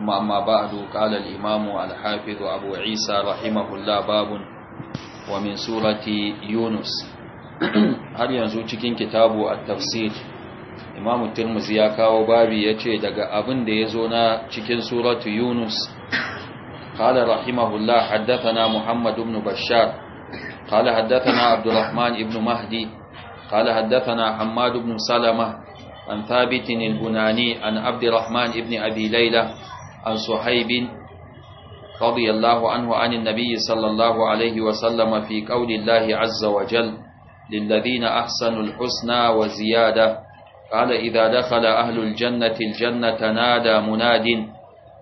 ثم أما بعد قال الإمام الحافظ أبو عيسى رحمه الله باب ومن سورة يونس هل ينزو تكين كتاب التفسير إمام الترمزي يكاو بابي kawo دقاء أبن ديزونا تكين سورة يونس قال رحمه الله حدثنا محمد بن بشار قال حدثنا عبد الرحمن بن مهدي قال حدثنا حماد بن سلمة عن ثابت البناني عن عبد الرحمن بن أبي ليلى عن صحيب رضي الله عنه عن النبي صلى الله عليه وسلم في قول الله عز وجل للذين أحسنوا الحسنى وزيادة قال إذا دخل أهل الجنة الجنة نادى مناد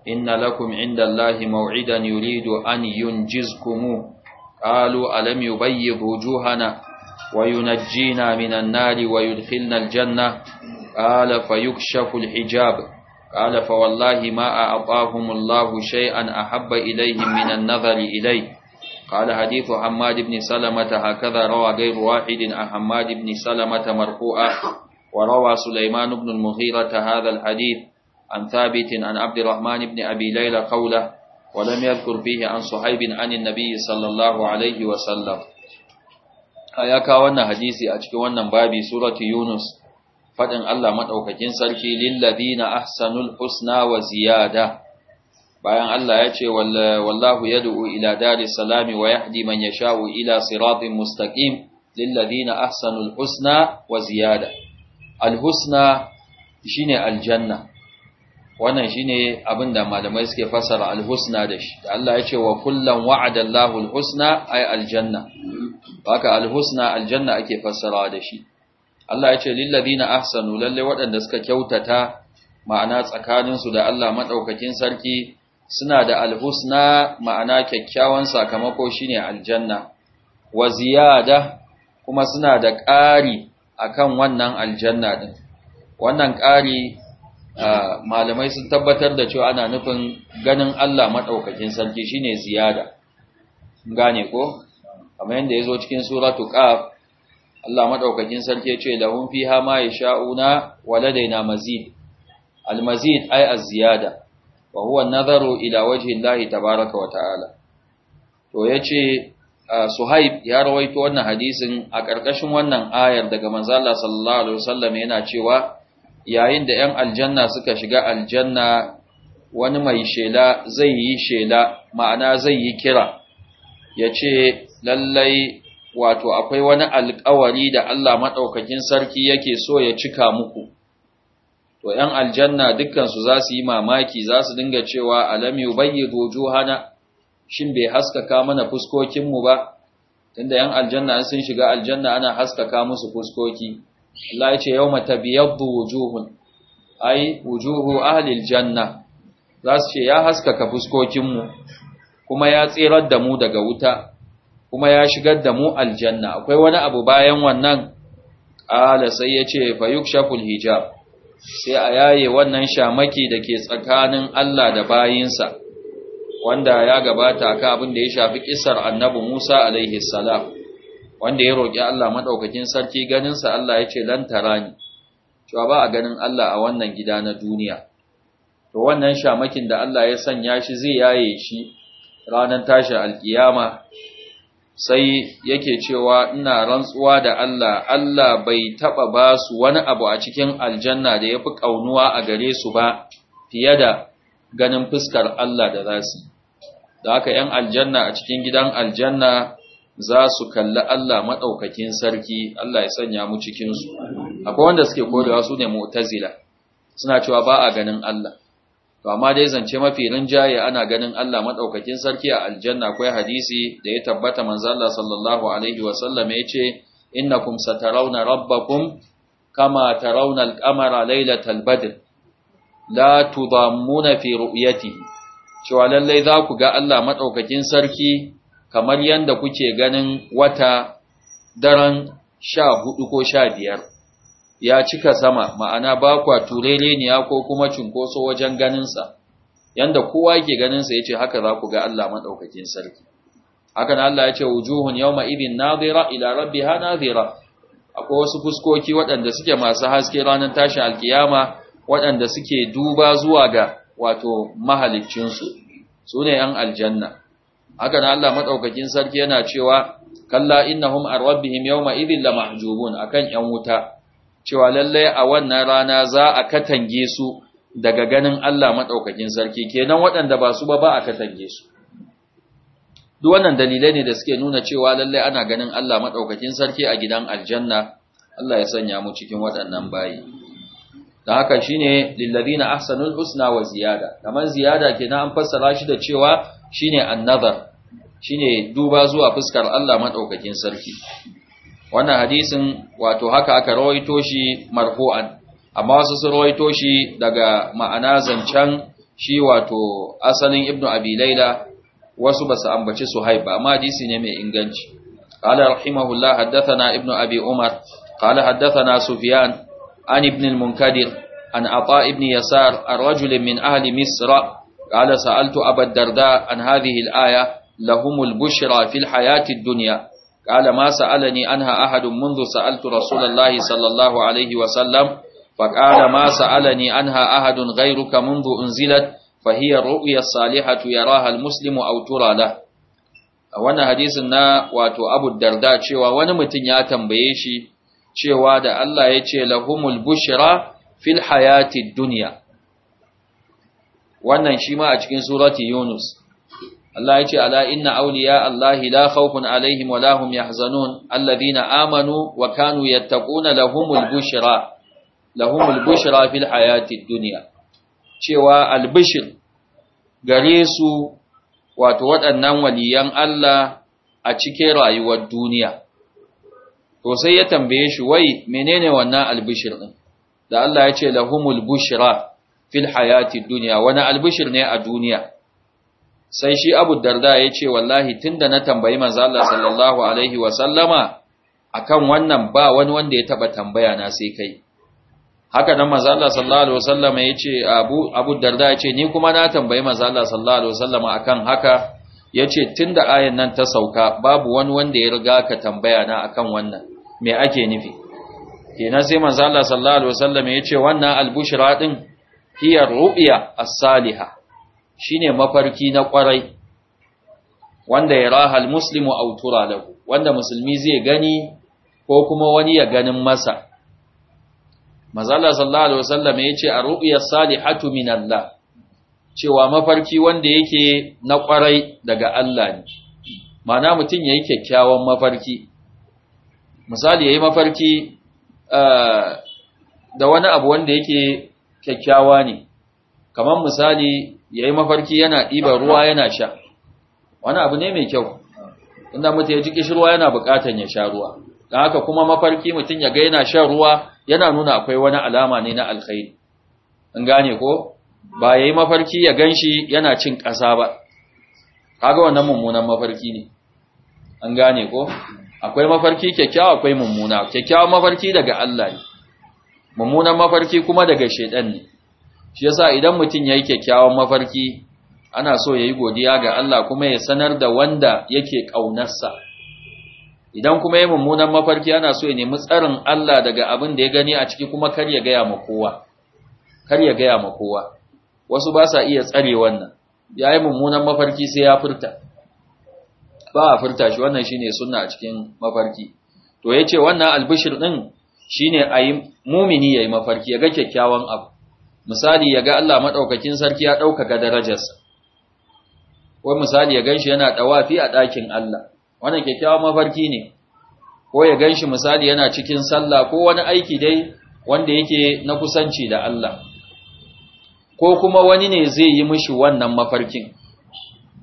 إن لكم عند الله موعدا يريد أن ينجزكم قالوا ألم يبيض وجوهنا وينجينا من النار ويدخلنا الجنة قال فيكشف الحجاب قال فوالله ما أعطاهم الله شيئا أحب إليهم من النظر إليه قال حديث حماد بن سلمة هكذا روى غير واحد عن حماد بن سلمة مرفوعا وروى سليمان بن المغيرة هذا الحديث عن ثابت عن عبد الرحمن بن أبي ليلى قوله ولم يذكر فيه عن صحيب عن النبي صلى الله عليه وسلم أياك وانا حديثي أتكي وانا بابي سورة يونس faɗin Allah maɗaukakin sarki lillazina ahsanul husna wa ziyada bayan Allah ya ce wallahu yad'u ila dari salami wa yahdi man yasha'u ila siratin mustaqim lillazina ahsanul husna wa ziyada alhusna shine aljanna wannan shine abinda malamai suke fasara alhusna da shi da Allah ya ce wa kullan wa'ada Allahu alhusna ay aljanna haka alhusna aljanna ake fasara da shi Allah ya ce lillazina ahsanu lalle waɗanda suka kyautata ma'ana tsakaninsu da Allah madaukakin sarki suna da alhusna ma'ana kyakkyawan sakamako shine aljanna wa ziyada kuma suna da ƙari akan wannan aljanna din wannan ƙari malamai sun tabbatar da cewa ana nufin ganin Allah madaukakin sarki shine ziyada gane ko kamar yanda yazo cikin suratu qaf Allah madaukakin sarki yace lahum fiha ma yasha'una ladaina mazid almazid ay az-ziyada wa huwa an-nazaru ila wajhi Allah tabaaraka wa ta'ala to yace ah, Suhaib ya rawaito wannan hadisin a ƙarƙashin wannan ayar daga manzo Allah sallallahu alaihi wasallam yana cewa yayin da 'yan aljanna suka shiga aljanna wani mai shela zai yi shela ma'ana zai yi kira yace lallai wato akwai wani alƙawari da Allah maɗaukakin sarki yake so ya cika muku to ‘yan aljanna dukkansu za su yi mamaki za su dinga cewa alam yi bayi hana shin bai haskaka mana fuskokinmu ba tunda ‘yan aljanna sun shiga aljanna ana haskaka musu fuskoki Allah ya ce yau mata wujuhun ai wujuhu ahlil janna za su ce ya haskaka fuskokinmu kuma ya tsirar da mu daga wuta kuma ya shigar da mu aljanna akwai wani abu bayan wannan ƙala sai ya ce fayukshaful hijab sai a yaye wannan shamaki da ke tsakanin Allah da bayinsa wanda ya gabata ka abin da ya shafi kisar annabi Musa alaihi salam wanda ya roƙi Allah madaukakin sarki ganinsa Allah ya ce lan tarani cewa ba a ganin Allah a wannan gida na duniya to wannan shamakin da Allah ya sanya shi zai yaye shi ranar tashin alkiyama sai yake cewa ina rantsuwa da Allah Allah bai taba ba su wani abu a cikin aljanna da yafi kaunuwa a gare su ba fiye da ganin fuskar Allah da za su da haka ‘yan aljanna a cikin gidan aljanna za su kalli Allah maɗaukakin sarki Allah ya sanya mu cikinsu akwai wanda suke kodewa su ne mutazila suna cewa ba a ganin Allah to amma dai zance mafi rinjaye ana ganin Allah Maɗaukakin sarki a aljanna akwai hadisi da ya tabbata manzo Allah sallallahu alaihi wa sallam yace innakum satarawna rabbakum kama tarawna al Laila laylatal badr la tudammuna fi ru'yatihi cewa lallai za ku ga Allah Maɗaukakin sarki kamar yadda kuke ganin wata daren hudu ko sha biyar? ya cika sama ma'ana ba kwa turereniya ko kuma cunkoso wajen ganinsa yanda kowa yake ganinsa ya ce haka za ku ga Allah maɗaukakin sarki haka na Allah ya ce wujuhun yau ma'ibin nazira ila ha nazira akwai wasu fuskoki waɗanda suke masu haske ranar tashin alkiyama waɗanda suke duba zuwa ga wato mahaliccinsu su ne ‘yan aljanna haka na Allah maɗaukakin sarki yana cewa kalla innahum ar rabbihim yau ma'ibin la mahjubun akan ‘yan wuta cewa lallai a wannan rana za a katange su daga ganin Allah maɗaukakin sarki kenan waɗanda ba su ba ba a katange su duk wannan dalilai ne da suke nuna cewa lallai ana ganin Allah maɗaukakin sarki a gidan aljanna Allah ya sanya mu cikin waɗannan bayi da haka shine lillazina ahsanul husna wa ziyada kamar ziyada kenan an fassara shi da cewa shine annazar shine duba zuwa fuskar Allah maɗaukakin sarki wannan hadisin wato haka aka rawaito shi marfu'an amma wasu sun rawaito shi daga ma'ana zancen shi wato asalin ibnu abi laila wasu basu ambaci suhaib ba amma hadisi ne mai inganci qala rahimahullah haddathana ibnu abi umar qala haddathana sufyan an munkadir an ata ibn yasar ar-rajul min ahli misra qala sa'altu aba darda an hadhihi al-aya lahumul bushra fil hayati ad Kala ma sa'alani anha ahadun mundu sa'altu Rasulullahi sallallahu alaihi wa sallam fa kala ma sa'alani anha ahadun ghayruka mundu unzilat fa hiya ru'ya salihatu yaraha al-muslimu aw turala wannan hadisin na wato Abu Darda cewa wani mutum ya tambaye shi cewa da Allah ya ce lahumul bushra fil hayatid dunya wannan shi ma a cikin surati Yunus Allah ya ce ala inna auliya Allah la khawfun alaihim wa la hum yahzanun alladhina amanu wa kanu yattaquna lahumul bushra lahumul bushra fil hayatid dunya cewa albishir gare su wato waɗannan waliyan Allah a cikin rayuwar duniya to sai ya tambaye shi wai menene wannan albishir din da Allah ya ce lahumul bushra fil hayatid dunya wani albishir ne a duniya sai shi abu darda ya ce wallahi tunda na tambayi manzo Allah sallallahu alaihi wa sallama akan wannan ba wani wanda ya taba tambaya na sai kai haka nan manzo Allah sallallahu alaihi wa sallama ya ce abu abu darda ya ce ni kuma na tambayi manzo Allah sallallahu alaihi wa sallama akan haka ya ce tunda ayan nan ta sauka babu wani wanda ya riga ka tambaya na akan wannan me ake nufi kenan sai manzo Allah sallallahu alaihi wa sallama ya ce wannan albushra din hiya ru'ya as-salihah shine mafarki na kwarai wanda ya rahal muslimu autura lahu wanda musulmi zai gani ko kuma wani ya ganin masa mazalla sallallahu alaihi wasallam yace ar-ru'ya salihatu minallah cewa mafarki wanda yake na kwarai daga Allah ne mana mutum yayi kyakkyawan mafarki misali yayi mafarki eh, da wani abu wanda yake kyakkyawa ne kamar misali Yayi mafarki yana ɗiba ruwa yana sha wani abu ne mai kyau inda mutum ya ji kishirwa yana buƙatan ya sha ruwa don haka kuma mafarki mutum ya ga yana shan ruwa yana nuna akwai wani alama ne na alkhairi in gane ko ba yayi yi mafarki ya gan shi yana cin ƙasa ba kaga wannan mummunan mafarki ne an gane ko akwai mafarki kyakkyawa akwai mummuna kyakkyawan mafarki daga Allah ne mummunan mafarki kuma daga shaiɗan ne shi yasa idan mutum yayi kyakkyawan mafarki ana so yayi godiya ga Allah kuma ya sanar da wanda yake kaunarsa idan kuma yayi mummunan mafarki ana so ya nemi tsarin Allah daga abin da ya gani a ciki kuma kar ya gaya ma kowa kar ya gaya ma kowa wasu ba sa iya tsare wannan yayi mummunan mafarki sai ya furta ba a furta shi wannan shine sunna a cikin mafarki to yace wannan albishir din shine ayi mumini yayi mafarki ya ga kyakkyawan abu misali ya ga Allah maɗaukakin sarki ya ɗaukaka darajarsa ko misali ya ganshi yana ɗawafi a ɗakin Allah wannan kyakkyawan mafarki ne ko ya ganshi misali yana cikin sallah ko wani aiki dai wanda yake na kusanci da Allah ko kuma wani ne zai yi mishi wannan mafarkin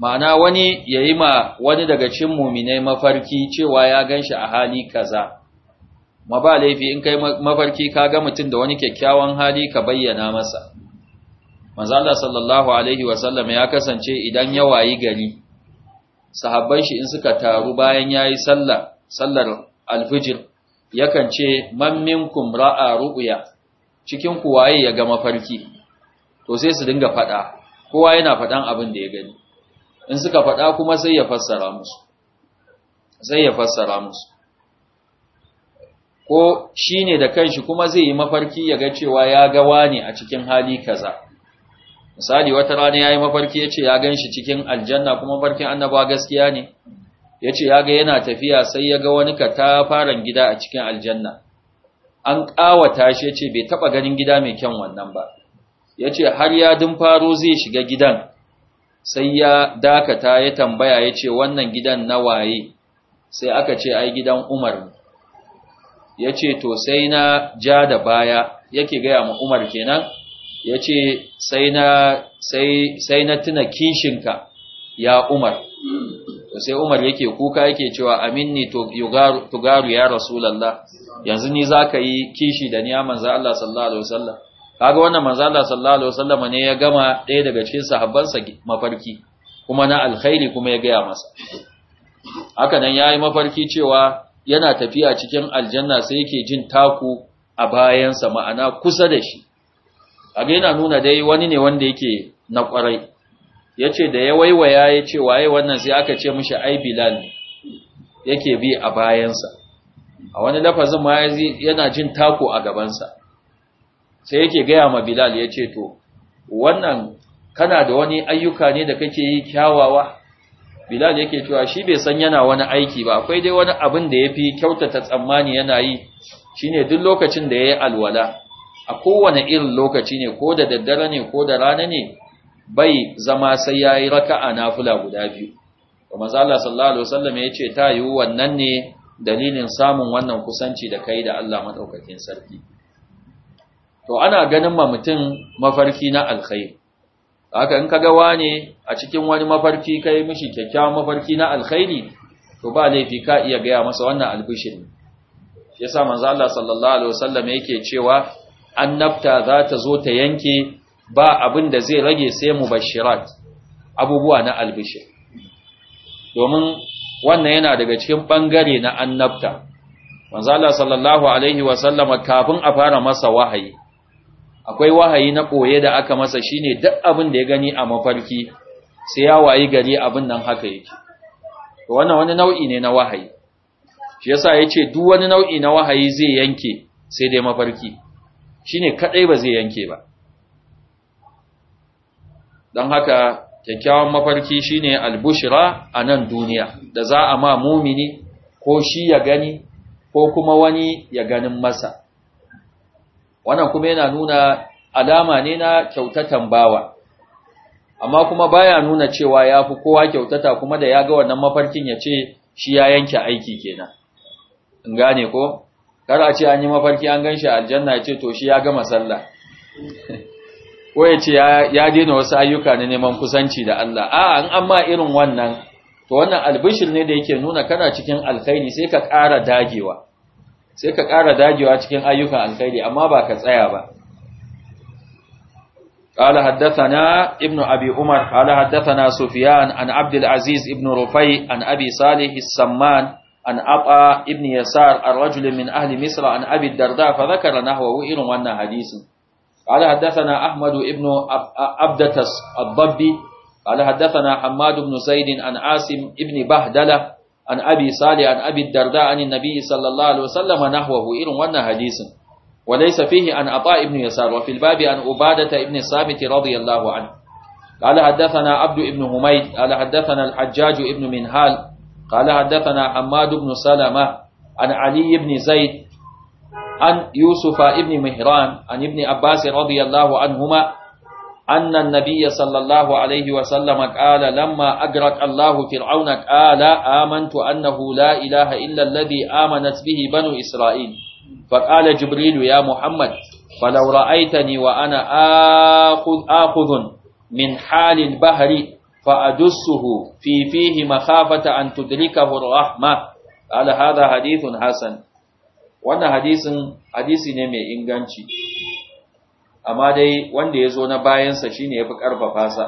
ma'ana wani ya yi ma wani daga cin muminai mafarki cewa ya ganshi a hali kaza ma ba laifi in kai mafarki ka ga mutum da wani kyakkyawan hali ka bayyana masa manzala sallallahu alaihi wasallam ya kasance idan ya wayi gari sahabban shi in suka taru bayan yayi sallah sallar alfijir yakan ce man minkum ra'a ru'ya cikin ku waye ya ga mafarki to sai su dinga fada kowa yana fadan abin da ya gani in suka fada kuma sai ya fassara musu sai ya fassara musu ko shi ne da kanshi kuma zai yi mafarki ya ga cewa ya ga wani a cikin hali kaza misali wata rana ya yi mafarki ya ce ya gan shi cikin aljanna kuma farkin annaba gaskiya ne ya ce ya ga yana tafiya sai ya ga wani katafaren gida a cikin aljanna an ƙawata shi ya ce bai taɓa ganin gida mai kyan wannan ba ya ce har ya faro zai shiga gidan sai ya dakata ya tambaya ya ce wannan gidan na waye sai aka ce ai gidan umar ya ce to sai na ja da baya yake gaya ma umar kenan ya ce sai na tuna kishinka ya umar to sai umar yake kuka yake cewa aminni tugaru ya rasulallah yanzu ni za ka yi kishi da niya manza Allah sallallahu alaihi wasallam kaga wannan manza Allah sallallahu alaihi wasallam ne ya gama ɗaya daga cikin sahabbansa mafarki kuma na alkhairi kuma ya gaya masa haka nan yayi mafarki cewa yana tafiya cikin aljanna sai yake jin taku a bayansa ma'ana kusa da shi aga yana nuna dai wani ne wanda yake na kwarai yace da ya waiwaya yace waye wannan sai aka ce mishi ai bilal yake bi a bayansa a wani lafazin ma yana jin taku a gabansa sai yake gaya ma bilal yace to wannan kana da wani ayyuka ne da kake yi kyawawa bilal yake cewa shi bai san yana wani aiki ba akwai dai wani abin da yafi kyautata tsammani yana yi shine duk lokacin da yayi alwala a kowane irin lokaci ne ko da daddare ne ko da rana ne bai zama sai yayi raka'a nafila guda biyu kuma Allah sallallahu alaihi wasallam yace ta yi wannan ne dalilin samun wannan kusanci da kai da Allah madaukakin sarki to ana ganin ma mutum mafarki na alkhairi haka in kaga wane a cikin wani mafarki kai mishi kyakkyawan mafarki na alkhairi to ba laifi ka iya gaya masa wannan albishiri shi yasa manzo Allah sallallahu alaihi wasallam yake cewa annabta za ta zo ta yanke ba abin da zai rage sai mubashirat abubuwa na albishir domin wannan yana daga cikin bangare na annabta manzo Allah sallallahu alaihi wasallam kafin a fara masa wahayi akwai wahayi na ɓoye da aka masa shine duk abin da ya gani a mafarki sai ya wayi gari abin nan haka yake to wannan wani nau'i ne na wahayi shi yasa yace duk wani nau'i na wahayi zai yanke sai dai mafarki shine kadai ba zai yanke ba dan haka kyakkyawan mafarki shine albushra a nan duniya da za a ma mumini ko shi ya gani ko kuma wani ya ganin masa wannan kuma yana nuna alama ne na kyautatan bawa amma kuma baya nuna cewa ya fi kowa kyautata kuma da ya ga wannan mafarkin ya ce shi ya yanke aiki kenan in gane ko kar a ce an yi mafarki an ganshi aljanna ya ce to shi ya gama sallah ko ya ce ya daina wasu ayyuka na neman kusanci da Allah a an amma irin wannan to wannan albishir ne da yake nuna kana cikin alkhairi sai ka ƙara dagewa sai ka ƙara dagewa cikin ayyukan alkhairi amma ba ka tsaya ba قال حدثنا ابن أبي عمر قال حدثنا سفيان عن عبد العزيز ابن رفي عن أبي صالح السمان عن أبا ابن يسار الرجل من أهل مصر عن أبي الدرداء فذكر نحوه إن وانا حديث قال حدثنا أحمد ابن عبدة الضبي قال حدثنا حماد بن زيد عن عاصم ابن بهدلة عن أبي صالح عن أبي الدرداء عن النبي صلى الله عليه وسلم نحوه إلى وانا حديث وليس فيه عن أطاء ابن يسار وفي الباب عن أبادة ابن صامت رضي الله عنه قال حدثنا عبد ابن هميد قال حدثنا الحجاج ابن منهال قال حدثنا حماد بن سلمة عن علي بن زيد عن يوسف ابن مهران عن ابن عباس رضي الله عنهما أن النبي صلى الله عليه وسلم قال لما أدرك الله فرعون قال آمنت أنه لا إله إلا الذي آمنت به بنو إسرائيل فقال جبريل يا محمد فلو رأيتني وأنا آخذ, آخذ من حال البحر فأدسه في فيه مخافة أن تدركه الرحمة قال هذا حديث حسن وأنا حديث حديث نمي إنغانشي amma dai wanda ya zo na bayansa shi ne ya fi ƙarfafa sa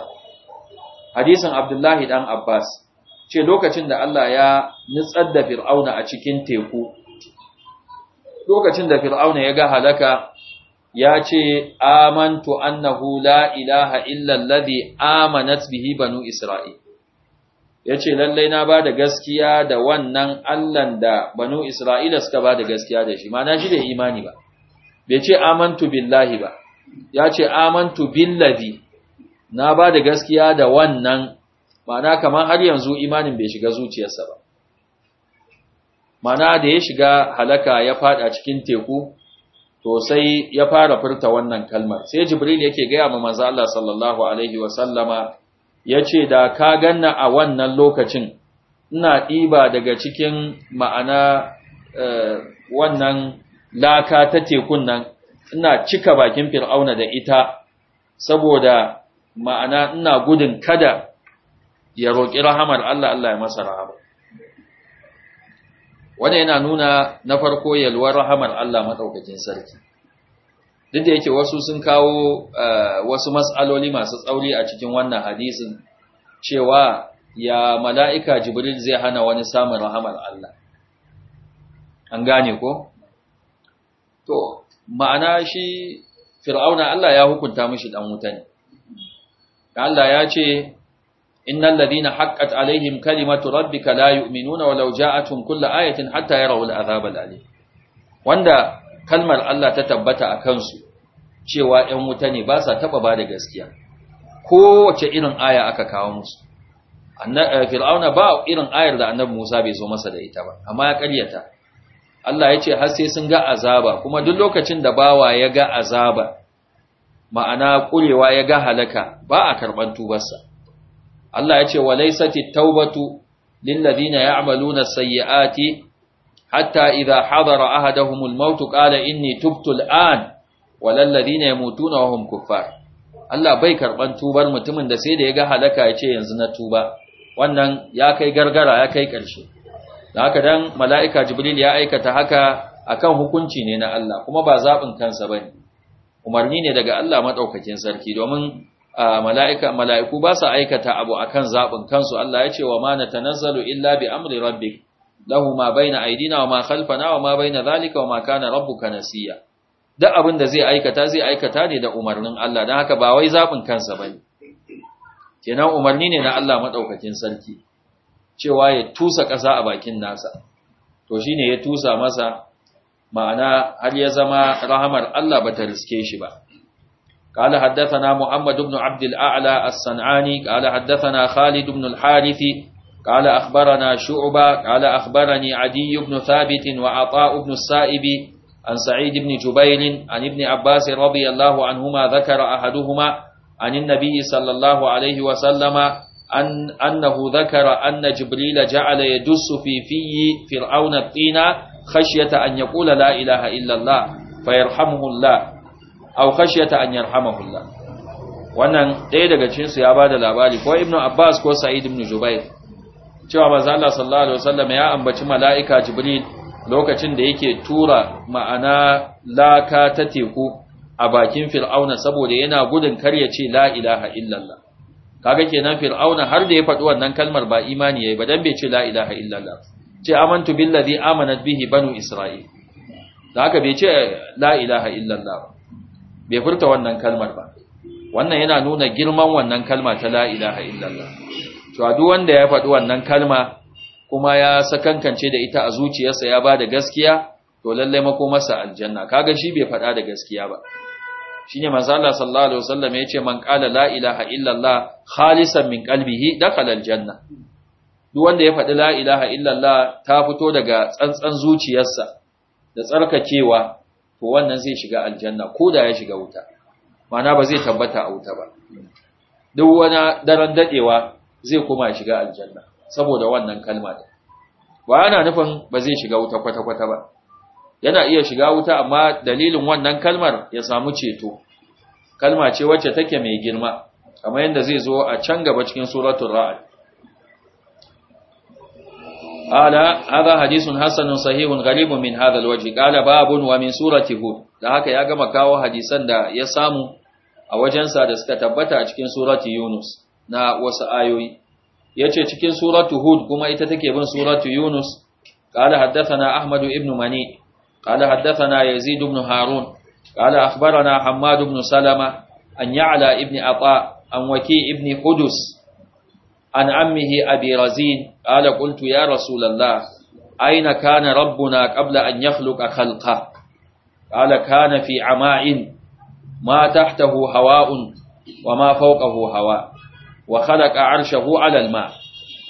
hadisin abdullahi ɗan abbas ce lokacin da allah ya nutsar da fir'auna a cikin teku lokacin da fir'auna ya ga halaka ya ce amantu annahu la ilaha illallazi amanat bihi banu isra'il ya ce lallai na ba da gaskiya da wannan allahn da banu isra'ila suka ba da gaskiya da shi ma na shi da imani ba bai ce amantu billahi ba ya ce amantu billazi na ba da gaskiya da wannan ma'ana kamar har yanzu imanin bai shiga zuciyarsa ba ma'ana da ya shiga halaka ya fada cikin teku to sai ya fara furta wannan kalmar sai jibril yake gaya ma manzo Allah sallallahu alaihi wa yace da ka ganna a wannan lokacin ina ɗiba daga cikin ma'ana eh, wannan laka ta tekun nan ina cika bakin fir'auna da ita saboda ma'ana ina gudun kada ya roƙi rahamar Allah Allah ya masa rahama wannan yana nuna na farko yalwar rahamar Allah madaukakin sarki duk da yake wasu sun kawo eh, wasu mas'aloli masu tsauri a cikin wannan hadisin cewa ya mala'ika jibril zai hana wani samun rahamar Allah an gane ko to ma'ana shi fir'auna Allah ya hukunta mishi dan wuta ne Allah ya ce innal ladina haqqat alaihim kalimatu rabbika la yu'minuna walau ja'atuhum kullu ayatin hatta yarawu al'azab al'alim wanda kalmar Allah ta tabbata a kansu cewa ɗan wuta ne ba sa taba bada gaskiya kowace irin aya aka kawo musu eh, fir'auna ba irin ayar da annabi Musa bai zo masa da ita ba amma ya ƙaryata Allah ya ce har sai sun ga azaba kuma duk lokacin da bawa ya ga azaba ma'ana kurewa ya ga halaka ba a karɓar tubarsa Allah ya ce walaysati taubatu lilladhina ya'maluna sayyi'ati hatta idha hadara ahaduhumul maut qala inni tubtu al'an walalladhina yamutuna wa hum kuffar Allah bai karɓar tubar mutumin da sai da ya ga halaka ya ce yanzu na tuba wannan ya kai gargara ya kai ƙarshe da haka dan mala'ika jibril ya aikata haka akan hukunci ne na Allah kuma ba zaɓin kansa ba ne umarni ne daga Allah maɗaukakin sarki domin mala'iku ba su aikata abu akan zaɓin kansu Allah ya ce wa ma na tanazzalu illa bi amri rabbik lahu ma na aidina wa ma khalfana wa ma baina zalika wa ma kana ka nasiya duk abin da zai aikata zai aikata ne da umarnin Allah don haka ba wai zaɓin kansa ba ne kenan umarni ne na Allah maɗaukakin sarki cewa ya tusa ƙasa a bakin nasa, to shi ya tusa masa ma'ana har ya zama rahamar Allah ba ta riske shi ba. Ƙala haddafana Muhammadu ibn Abdul A'la as-San'ani, ƙala haddafana Khalid ibn al-Harithi, ƙala akhbarana Shu'ba, ƙala akhbarani Adi ibn Thabit wa Ata ibn Sa'ibi an Sa'id ibn Jubayl an Ibn Abbas radiyallahu anhuma dhakara ahaduhuma an an-Nabi sallallahu alayhi wa sallama Annahu أنه ذكر أن جبريل جعل يدس في في فرعون الطين خشية أن يقول لا إله إلا الله فيرحمه الله أو خشية أن يرحمه الله wannan ɗaya daga su ya ba da labari ko ibnu abbas ko sa'id ibn jubair cewa manzo Allah sallallahu alaihi wasallam ya ambaci mala'ika jibril lokacin da yake tura ma'ana laka ta teku a bakin fir'auna saboda yana gudun kar ya ce la ilaha illallah kaga kenan fir'auna har da ya faɗi wannan kalmar ba imani yayi ba dan bai ce la ilaha illallah ce amantu billazi amanat bihi banu isra'il da haka bai ce eh, la ilaha illallah bai furta wannan kalmar ba wannan yana nuna girman wannan kalma ta la ilaha illallah to a duk wanda ya faɗi wannan kalma kuma ya sakankance da ita a zuciyarsa ya bada gaskiya to lalle makomarsa aljanna kaga shi bai faɗa da gaskiya ba shine manzo Allah sallallahu alaihi wasallam yace man qala la ilaha illallah khalisan min qalbihi dakhala aljanna duk wanda ya faɗi la ilaha illallah ta fito daga tsantsan zuciyarsa da tsarkakewa to wannan zai shiga aljanna ko da ya shiga wuta mana ba zai tabbata a wuta ba duk wani daren dadewa zai kuma shiga aljanna saboda wannan kalma da ba ana nufin ba zai shiga wuta kwata-kwata ba yana iya shiga wuta amma dalilin wannan kalmar ya samu ceto kalma ce wacce take mai girma kamar yadda zai zo a can gaba cikin suratul ra'd ala hada hadisun hasanun sahihun gharibun min hadha alwajh qala babun wa min surati hud da haka ya gama kawo hadisan da ya samu a wajensa da suka tabbata a cikin surati yunus na wasu ayoyi yace cikin suratu hud kuma ita take bin suratu yunus qala na ahmadu ibnu mani قال حدثنا يزيد بن هارون قال أخبرنا حماد بن سلمة أن يعلى ابن عطاء أن وكي ابن قدس عن عمه أبي رزين قال قلت يا رسول الله أين كان ربنا قبل أن يخلق خلقه قال كان في عماء ما تحته هواء وما فوقه هواء وخلق عرشه على الماء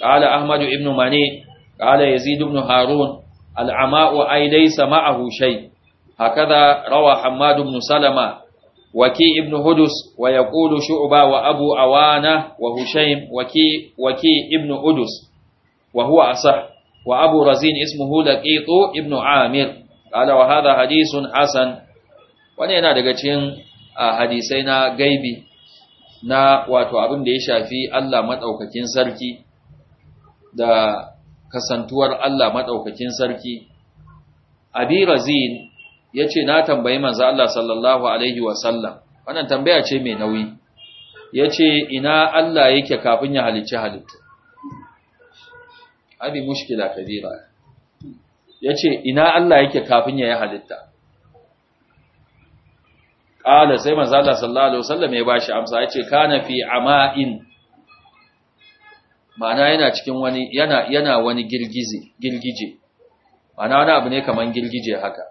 قال أحمد بن مني قال يزيد بن هارون al'ama'u ai laysa ma'ahu shay hakaza rawa Hammad ibn Salama وكي ابن هدس ويقول شعبة وأبو أوانة وهشيم وكي, وكي ابن هدس وهو أصح وأبو رزين اسمه لقيط ابن عامر قال وهذا حديث حسن wani yana daga cikin hadisai na gaibi na wato abin da ya shafi Allah maɗaukakin sarki da kasantuwar Allah madaukakin sarki abi razin yace na tambayi manzo Allah sallallahu alaihi wasallam wannan tambaya ce mai nauyi yace ina Allah yake kafin ya halicci halittu abi mushkila kabira yace ina Allah yake kafin ya yi halitta qala sai manzo Allah sallallahu alaihi wasallam ya bashi amsa yace kana fi ama'in ma'ana yana cikin wani yana yana wani girgize girgije ma'ana wani abu ne kaman girgije haka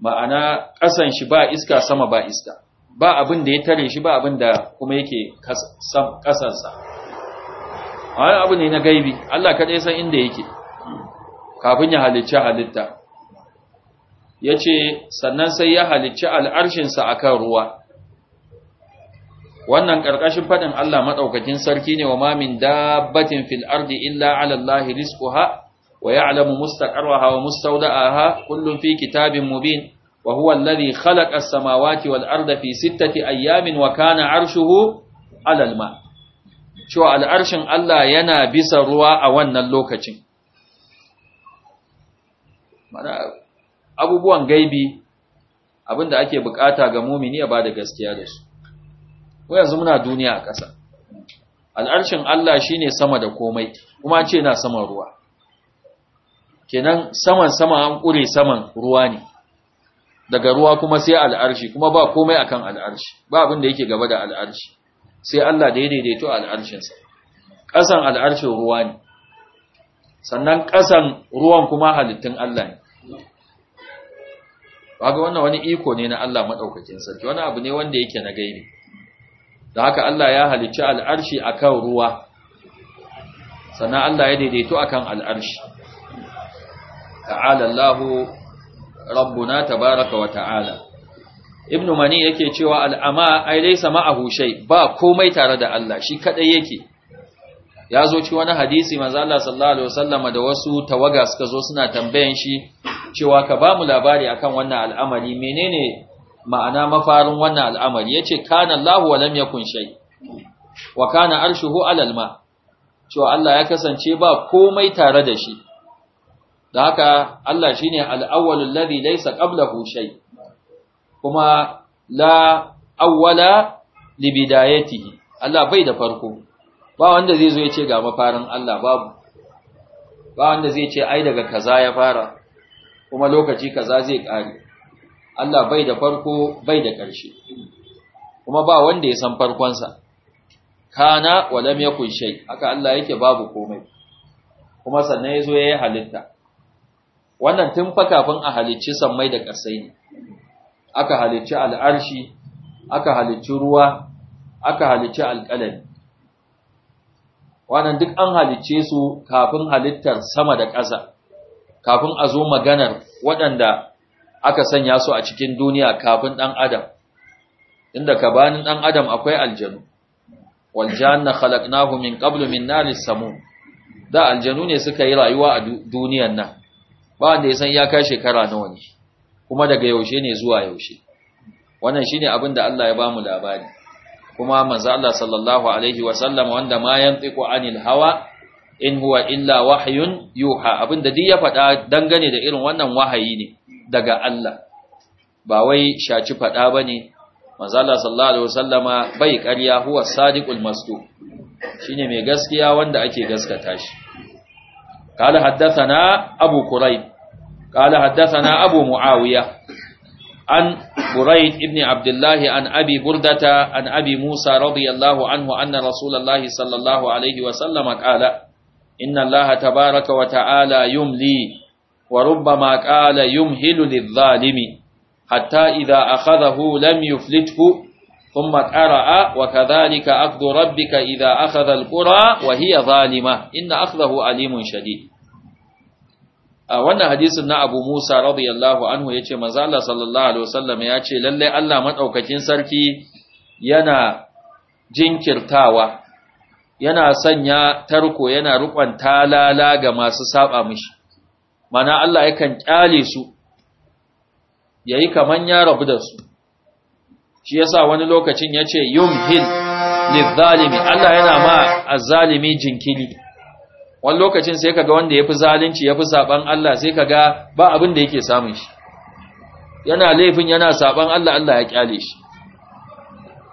ma'ana kasan shi ba iska sama ba iska ba abin da ya tare shi ba abin da kuma yake ƙasansa wani abu ne na gaibi Allah kaɗai san inda yake kafin ya halicci halitta yace sannan sai ya halicci al'arshinsa a kan ruwa wannan ƙarƙashin faɗin Allah maɗaukacin sarki ne wa ma min dabbatin fil ardi illa ala Allah rizquha wa ya'lamu mustaqarraha wa mustawda'aha kullun fi kitabin mubin wa huwa alladhi khalaqa as-samawati wal arda fi sittati ayyamin wa kana 'arshuhu 'ala al-ma cewa al'arshin Allah yana bisa ruwa a wannan lokacin abubuwan gaibi abinda ake bukata ga mumini ya bada gaskiya da su ko yanzu muna duniya a ƙasa al'arshin Allah shine sama da komai kuma ce na saman ruwa kenan saman sama an ƙure saman ruwa ne daga ruwa kuma sai al'arshi kuma ba komai akan al'arshi ba abin da yake gaba da al'arshi sai Allah da ya daidaito al'arshinsa ƙasan al'arshin ruwa ne sannan ƙasan ruwan kuma halittun Allah ne ba ga wannan wani iko ne na Allah maɗaukakin sarki wani abu ne wanda yake na gaibi da haka Allah ya halicci al'arshi a kan ruwa sannan Allah ya daidaito a kan al'arshi ta'ala Allahu rabbuna tabaraka wa ta'ala ibn mani yake cewa al'ama ai sama a hushai, ba komai tare da Allah shi kaɗai yake ya zo ci wani hadisi manzo sallallahu alaihi wasallama da wasu tawaga suka zo suna tambayan shi cewa ka ba mu labari akan wannan al'amari menene ma'ana mafarin wannan al'amari yace kana Allahu wa lam yakun shay wa kana arshuhu alalma. cewa Allah ya kasance ba komai tare da shi da haka Allah shine al-awwal alladhi laysa qablahu shay kuma la awwala li bidayatihi Allah bai da farko ba wanda zai zo ya ce ga mafarin Allah babu ba wanda zai ce ai daga kaza ya fara kuma lokaci kaza zai kare Allah bai da farko bai da ƙarshe kuma ba wanda ya san farkonsa kana walam yakun shay haka Allah yake babu komai kuma sannan ya yi halitta wannan tun fa kafin a halicci sammai da ƙasai ne aka halicci al'arshi aka halicci ruwa aka halicci alƙalami wannan duk an halicce su kafin halittar sama da ƙasa kafin a zo maganar waɗanda aka sanya su a cikin duniya kafin ɗan adam inda kabanin ɗan adam akwai aljanu waljanna nahu min qablu min naris samum da aljanu ne suka yi rayuwa a duniyar nan ba wanda ya san ya kai shekara nawa ne kuma daga yaushe ne zuwa yaushe wannan shine abin da Allah ya ba mu labari kuma manzo Allah sallallahu alaihi wa wanda ma yantiqu anil hawa in huwa illa wahyun yuha da duk ya faɗa dangane da irin wannan wahayi ne daga Allah ba wai shaci ba ne. manzala sallallahu alaihi wasallama bai ƙarya huwa sadiqul Shi ne mai gaskiya wanda ake gaskata shi Kala haddasa na, abu quraib qala haddathana abu muawiya an burayd ibn Abdullahi an abi burdata an abi musa radiyallahu anhu anna rasulullahi sallallahu alaihi wasallama qala inna allaha tabaaraka wa ta'ala yumli wa rubbama qala yumhilu lidh-dhalimi hatta idha akhadhahu lam yuflithu ثم قرأ وكذلك أخذ ربك إذا أخذ القرى وهي ظالمة إن أخذه عليم شديد wannan hadisin na Abu Musa radiyallahu anhu yace manzo Allah sallallahu alaihi wasallam yace Allah madaukakin sarki yana jinkirtawa yana sanya tarko yana rukun talala ga masu saba mishi mana Allah yakan kyale su yayi kaman ya rabu da su shi yasa wani lokacin yace yumhil lizalimi Allah yana ma azzalimi jinkiri wani lokacin sai kaga wanda yafi zalunci yafi saban Allah sai kaga ba abin da yake samun shi yana laifin yana saban Allah Allah ya kyale shi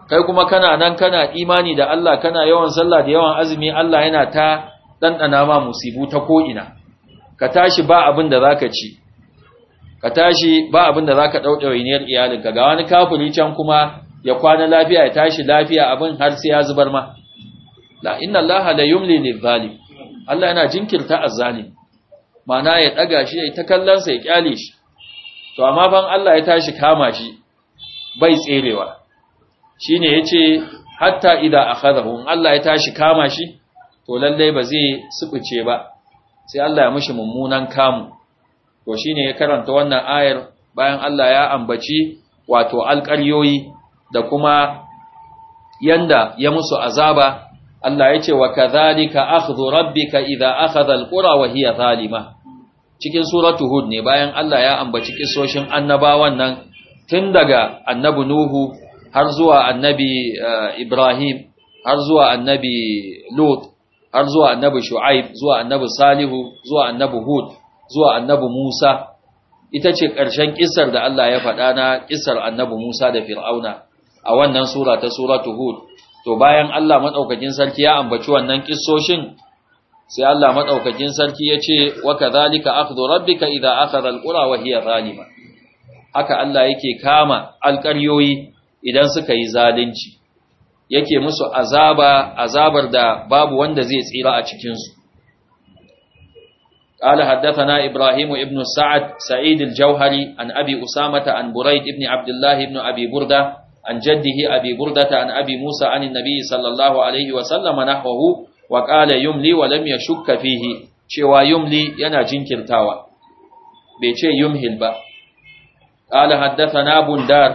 kai kuma kana nan kana imani da Allah kana yawan sallah da yawan azumi Allah yana ta dandana ma musibu ta ko ina ka tashi ba abin da zaka ci ka tashi ba abin da zaka ɗauɗa wainiyar iyalinka ga wani kafuri can kuma ya kwana lafiya ya tashi lafiya abin har sai ya zubar ma la inna allaha la yumli lil zalim Allah yana jinkirta azzalim mana ya daga shi ya ta kallon sa ya kyale shi to amma ban Allah ya tashi kama shi bai tserewa shine yace hatta idza akhadahu Allah ya tashi kama shi to lalle ba zai subuce ba sai Allah ya mushi mummunan kamu to shine ya karanta wannan ayar bayan Allah ya ambaci wato alƙaryoyi da kuma yanda ya musu azaba Allah ya ce wa kadhalika akhdhu rabbika idha akhadha alqura wa hiya zalima cikin suratu hud ne bayan Allah ya ambaci kisoshin annabawan nan tun daga annabi nuhu har zuwa annabi eh, ibrahim har zuwa annabi lut har zuwa annabi shu'aib zuwa annabi salihu zuwa annabi hud zuwa annabi musa ita ce ƙarshen ƙisar da Allah ya faɗa na ƙisar annabi musa da fir'auna a wannan sura ta suratu hud to bayan Allah Maɗaukakin sarki ya ambaci wannan kissoshin sai Allah Maɗaukakin sarki ya ce wa kadhalika akhdhu rabbika idha akhadha alqura wa hiya zalima haka Allah yake kama alƙaryoyi idan suka yi zalunci yake musu azaba azabar da babu wanda zai tsira a cikinsu قال حدثنا إبراهيم ابن سعد سعيد الجوهري عن أبي أسامة عن بريد ابن عبد الله ابن أبي بردة عن جده أبي بردة عن أبي موسى عن النبي صلى الله عليه وسلم نحوه وقال يملي ولم يشك فيه شوى يملي ينا جنكر تاوى بيشي يمهل با قال حدثنا بندار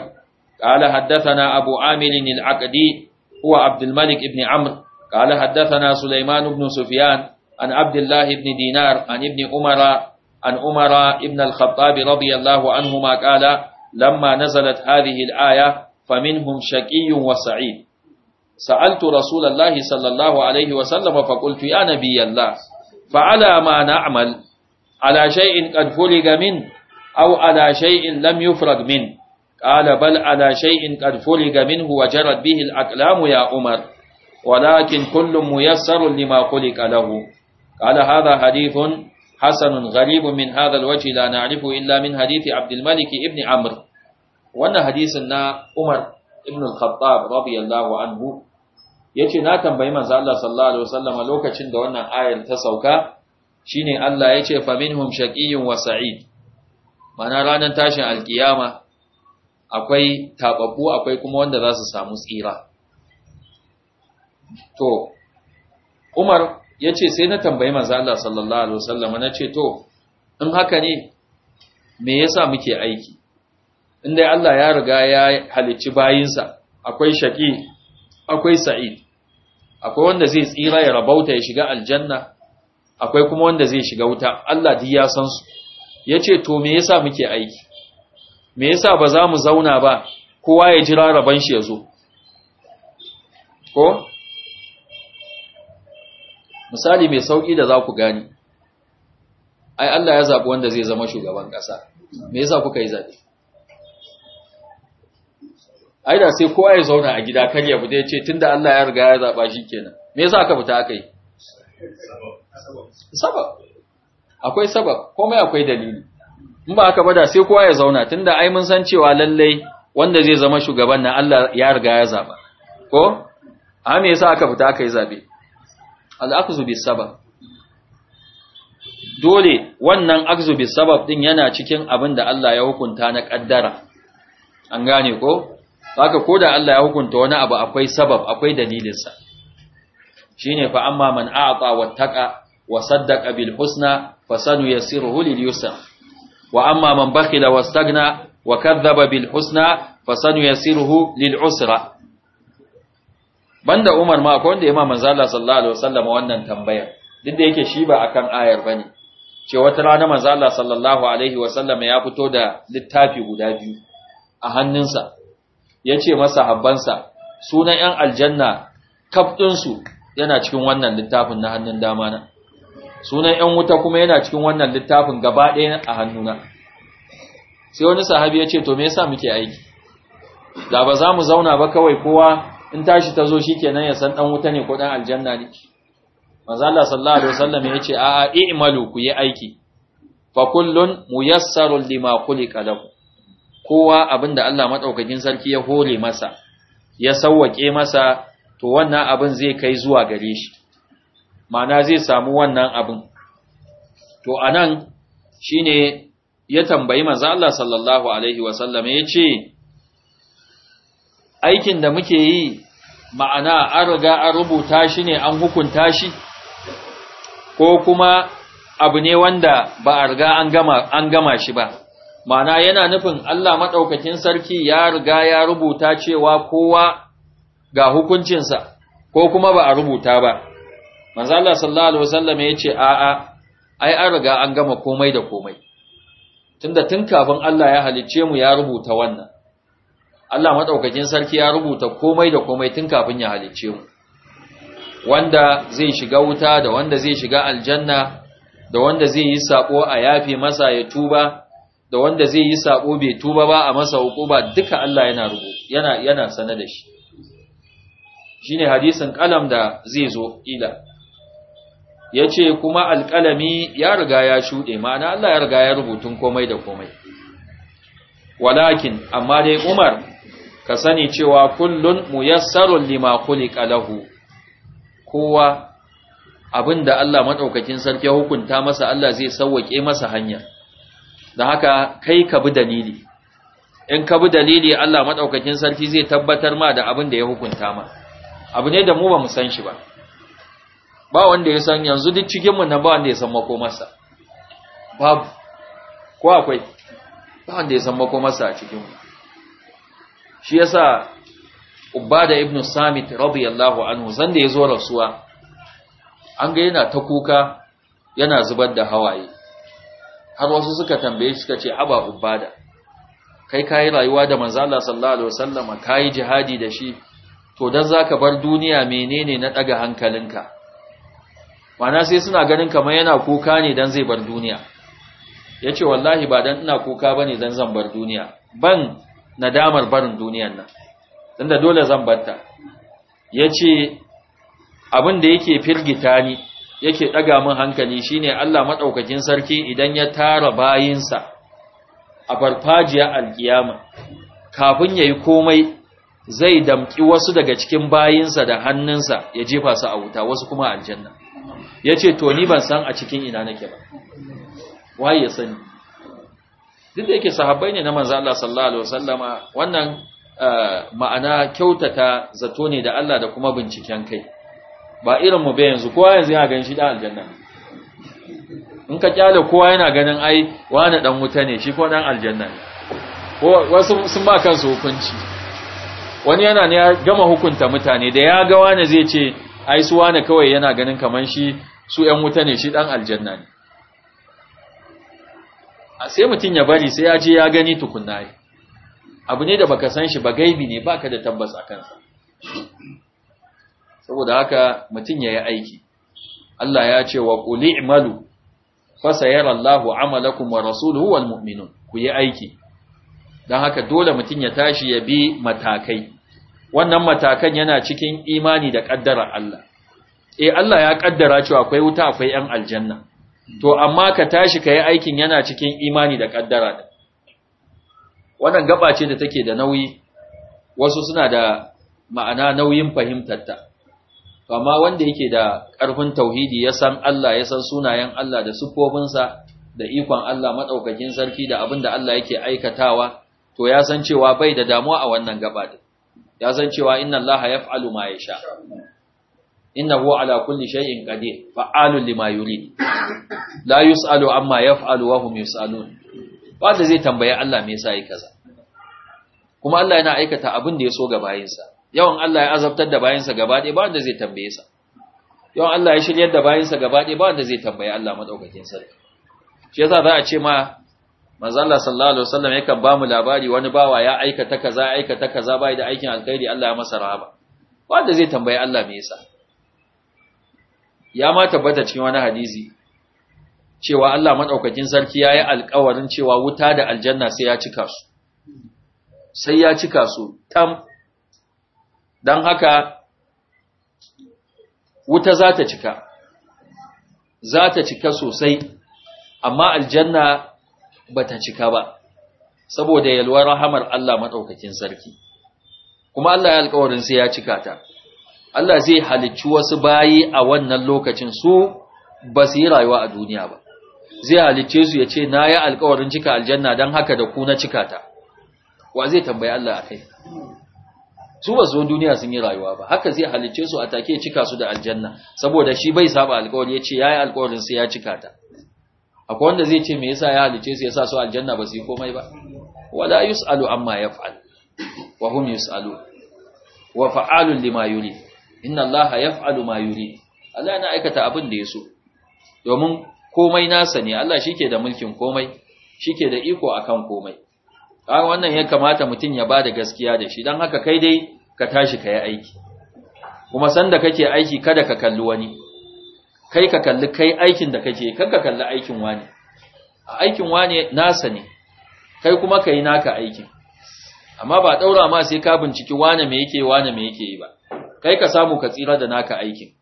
قال حدثنا أبو عامل العقدي هو عبد الملك بن عمرو قال حدثنا سليمان بن سفيان عن عبد الله بن دينار عن ابن عمر عن عمر ابن الخطاب رضي الله عنهما قال لما نزلت هذه الآية فمنهم شقي وسعيد سألت رسول الله صلى الله عليه وسلم فقلت يا نبي الله فعلى ما نعمل على شيء قد فلق منه أو على شيء لم يفرغ منه Ƙala bal ala shay'in qad furiga minhu wa jarat bihi al-aqlamu ya Umar walakin kullu muyassarun lima khuliqa lahu Ƙala hadha hadithun hasanun gharibun min hadha al-wajhi la na'rifu illa min hadithi Abd ibn Amr wannan hadisin na Umar ibn al-Khattab radiyallahu anhu yace na tambayi manzo Allah sallallahu alaihi wasallam lokacin da wannan ayar ta sauka shine Allah yace fa minhum shaqiyyun wa sa'id ma'ana ranar tashin alkiyama. akwai taɓaɓɓu akwai kuma wanda za su samu tsira to umar ya ce sai na tambayi manzo Allah sallallahu alaihi wasallam na ce to in haka ne me yasa muke aiki in dai Allah ya riga ya halicci bayinsa akwai shaki, akwai sa'id akwai wanda zai tsira ya rabauta ya shiga aljanna akwai kuma wanda zai shiga wuta Allah duk ya san su yace to me yasa muke aiki me yasa ba za mu zauna ba kowa ya jira rabon shi ya zo ko misali mai sauki da za ku gani ai Allah ya zaɓi wanda zai zama shugaban ƙasa me yasa kuka yi zaɓe ai da sai kowa ya zauna a gida kar ya bude ya ce tunda Allah ya riga ya zaɓa shi kenan me yasa ka fita aka yi sabab akwai sabab komai akwai dalili in ba aka bada sai kowa ya zauna tunda ai mun san cewa lallai wanda zai zama shugaban nan Allah ya riga ya zaba ko a me yasa aka fita aka yi zabe al bis-sabab dole wannan aqzu bis-sabab din yana cikin abin da Allah ya hukunta na kaddara an gane ko haka koda Allah ya hukunta wani abu akwai sabab akwai dalilinsa shine fa amma man a'ta wattaqa wa saddaqa bil husna fasanu yasiruhu lil yusra wa amma man bakhila wastagna wa kadhaba bil husna fasanuyassiruhu lil usra banda Umar ma akwai wanda ya ma alaihi wannan tambayar duk da yake shi ba akan ayar bane ce wata rana manzo Allah sallallahu alaihi wasallam ya fito da littafi guda biyu a hannunsa yace masa habbansa sunan yan aljanna kafdin yana cikin wannan littafin na hannun dama na sunan ‘yan wuta kuma yana cikin wannan littafin gaba ɗaya a hannuna sai wani sahabi ya ce to me yasa muke aiki da ba za mu zauna ba kawai kowa in tashi ta zo shi kenan ya san ɗan wuta ne ko ɗan aljanna ne manzo Allah sallallahu alaihi wasallam ya ce a'a i'malu ku yi aiki fa kullun muyassarul lima khuliqa lahu kowa abinda Allah madaukakin sarki ya hore masa ya sawwake masa to wannan abin zai kai zuwa gare shi ma'ana zai samu wannan abin to anan shine ya tambayi manzo Allah sallallahu alaihi wasallam ce, aikin da muke yi ma'ana an riga an rubuta shi ne an hukunta shi ko kuma abu ne wanda ba a riga an gama shi ba ma'ana yana nufin Allah madaukakin sarki ya riga ya rubuta cewa kowa ga hukuncinsa ko kuma ba a rubuta ba manzo Allah sallallahu alaihi wasallam ya ce a'a ai an riga an gama komai da komai tunda tun kafin Allah ya halicce mu ya rubuta wannan Allah madaukakin sarki ya rubuta komai da komai tun kafin ya halicce mu wanda zai shiga wuta da wanda zai shiga aljanna da wanda zai yi sako a yafi masa ya tuba da wanda zai yi sako bai tuba ba a masa hukuba duka Allah yana rubu yana yana sane da shi shine hadisin kalam da zai zo ila ya ce kuma alƙalami ya riga ya shuɗe ma'ana Allah ya riga ya rubutun komai da komai walakin amma dai umar ka sani cewa kullun muyassarun lima limakuli ƙalahu. kowa abinda Allah maɗaukakin sarki ya hukunta masa Allah zai sauwake masa hanya da haka kai ka bi dalili in ka bi dalili Allah maɗaukakin sarki zai tabbatar ma da abinda ya hukunta ma abu ne da mu ba mu san shi ba ba wanda ya san yanzu duk cikin mu ba wanda ya san makomarsa babu ko akwai ba wanda ya san makomarsa a cikin mu shi yasa Ubada ibn Samit radiyallahu anhu da ya zo rasuwa an ga yana ta kuka yana zubar da hawaye har wasu suka tambaye suka ce aba Ubada kai kai rayuwa da manzo Allah sallallahu alaihi wasallam kai jihadi da shi to dan zaka bar duniya menene na daga hankalinka wana sai suna ganin kamar yana kuka ne dan zai bar duniya yace wallahi ba dan ina kuka bane dan zan bar duniya ban nadamar barin duniyan nan tunda dole zan barta yace abin da yake firgita ni yake daga min hankali shine Allah madaukakin sarki idan ya tara bayinsa a farfajiyar alkiyama kafin yayi komai zai damki wasu daga cikin bayinsa da hannunsa ya jefa su a wuta wasu kuma aljanna ya ce to ni ban san a cikin ina nake ba waye ya sani duk da yake sahabbai ne na manzo Allah sallallahu alaihi wasallama wannan eh, ma'ana kyautata zato ne da Allah da kuma binciken kai ba irin mu ba yanzu kowa yanzu yana ganin shi da aljanna in ka kyale kowa yana ganin ai wani dan wuta ne shi ko dan aljanna ne wasu sun ba kansu hukunci wani yana ne ya gama hukunta mutane da ya ga wani zai ce ai su wane kawai yana ganin kaman shi su ‘yan wuta ne shi ɗan aljanna ne a sai mutum ya bari sai ya je ya gani tukunna yi abu ne da baka san shi ba gaibi ne baka da tabbas a kansa saboda haka mutum ya yi aiki Allah ya ce wa ƙuli imalu fasa yarallahu amalakum wa rasuluhu wal mu'minun ku yi aiki don haka dole mutum ya tashi ya bi matakai wannan matakan yana cikin imani da ƙaddara Allah eh Allah ya ƙaddara cewa akwai wuta akwai 'yan aljanna to amma ka tashi ka yi aikin yana cikin imani da ƙaddara da wannan gaba ce da take da nauyi wasu suna da ma'ana nauyin fahimtarta ta amma wanda yake da ƙarfin tauhidi ya san Allah ya san sunayen Allah da siffofinsa da ikon Allah maɗaukakin sarki da abin da Allah yake aikatawa to ya san cewa bai da damuwa a wannan gaba da. ya san cewa inna allaha yaf'alu ma yasha innahu ala kulli shay'in qadir fa'alun lima yurid la yus'alu amma yaf'alu wa hum yus'alun wanda zai tambaye Allah me yasa yake kaza kuma Allah yana aikata abin da ya so ga bayinsa yawan Allah ya azabtar da bayinsa gaba ba wanda zai tambaye sa yawan Allah ya shiryar da bayinsa gaba ba wanda zai tambaye Allah madaukakin sarki shi yasa za a ce ma manzala sallallahu alaihi wasallam yakan ba mu labari wani bawa ya aikata kaza aikata kaza bai da aikin alkhairi Allah ya masa rahama wanda zai tambayi Allah me yasa ya ma tabbata cikin wani hadisi cewa Allah madaukakin sarki yayi alƙawarin cewa wuta da aljanna sai ya cika su sai ya cika su tam dan haka wuta za ta cika za ta cika sosai amma aljanna bata cika ba saboda yalwar rahamar Allah madaukakin sarki kuma Allah ya alƙawarin sai ya cika ta Allah zai halicci wasu bayi a wannan lokacin su ba su yi rayuwa a duniya ba zai halicce su ya ce na yi alƙawarin cika aljanna don haka da ku na cika ta wa zai tambayi Allah a su ba su duniya sun yi rayuwa ba haka zai halicce su a take cika su da aljanna saboda shi bai saba alƙawarin ya ce ya yi alƙawarin sai ya cika ta akwai wanda zai ce me yasa ya halice su yasa su aljanna ba su yi komai ba wala yusalu amma yaf'al wa hum yusalu wa fa'alun lima yuri inna allaha yaf'alu ma yuri Allah yana aikata abin da yaso domin komai nasa ne Allah shike da mulkin komai shi ke da iko akan komai kaga wannan ya kamata mutum ya bada gaskiya da shi dan haka kai dai ka tashi ka yi aiki kuma sanda kake aiki kada ka kalli wani kai ka kalli kai aikin da kake kan ka kalli aikin wani aikin wani nasa ne kai kuma kai naka aikin amma ba daura ma sai ka binciki wane me yake wane me yake yi ba kai ka samu ka tsira da naka aikin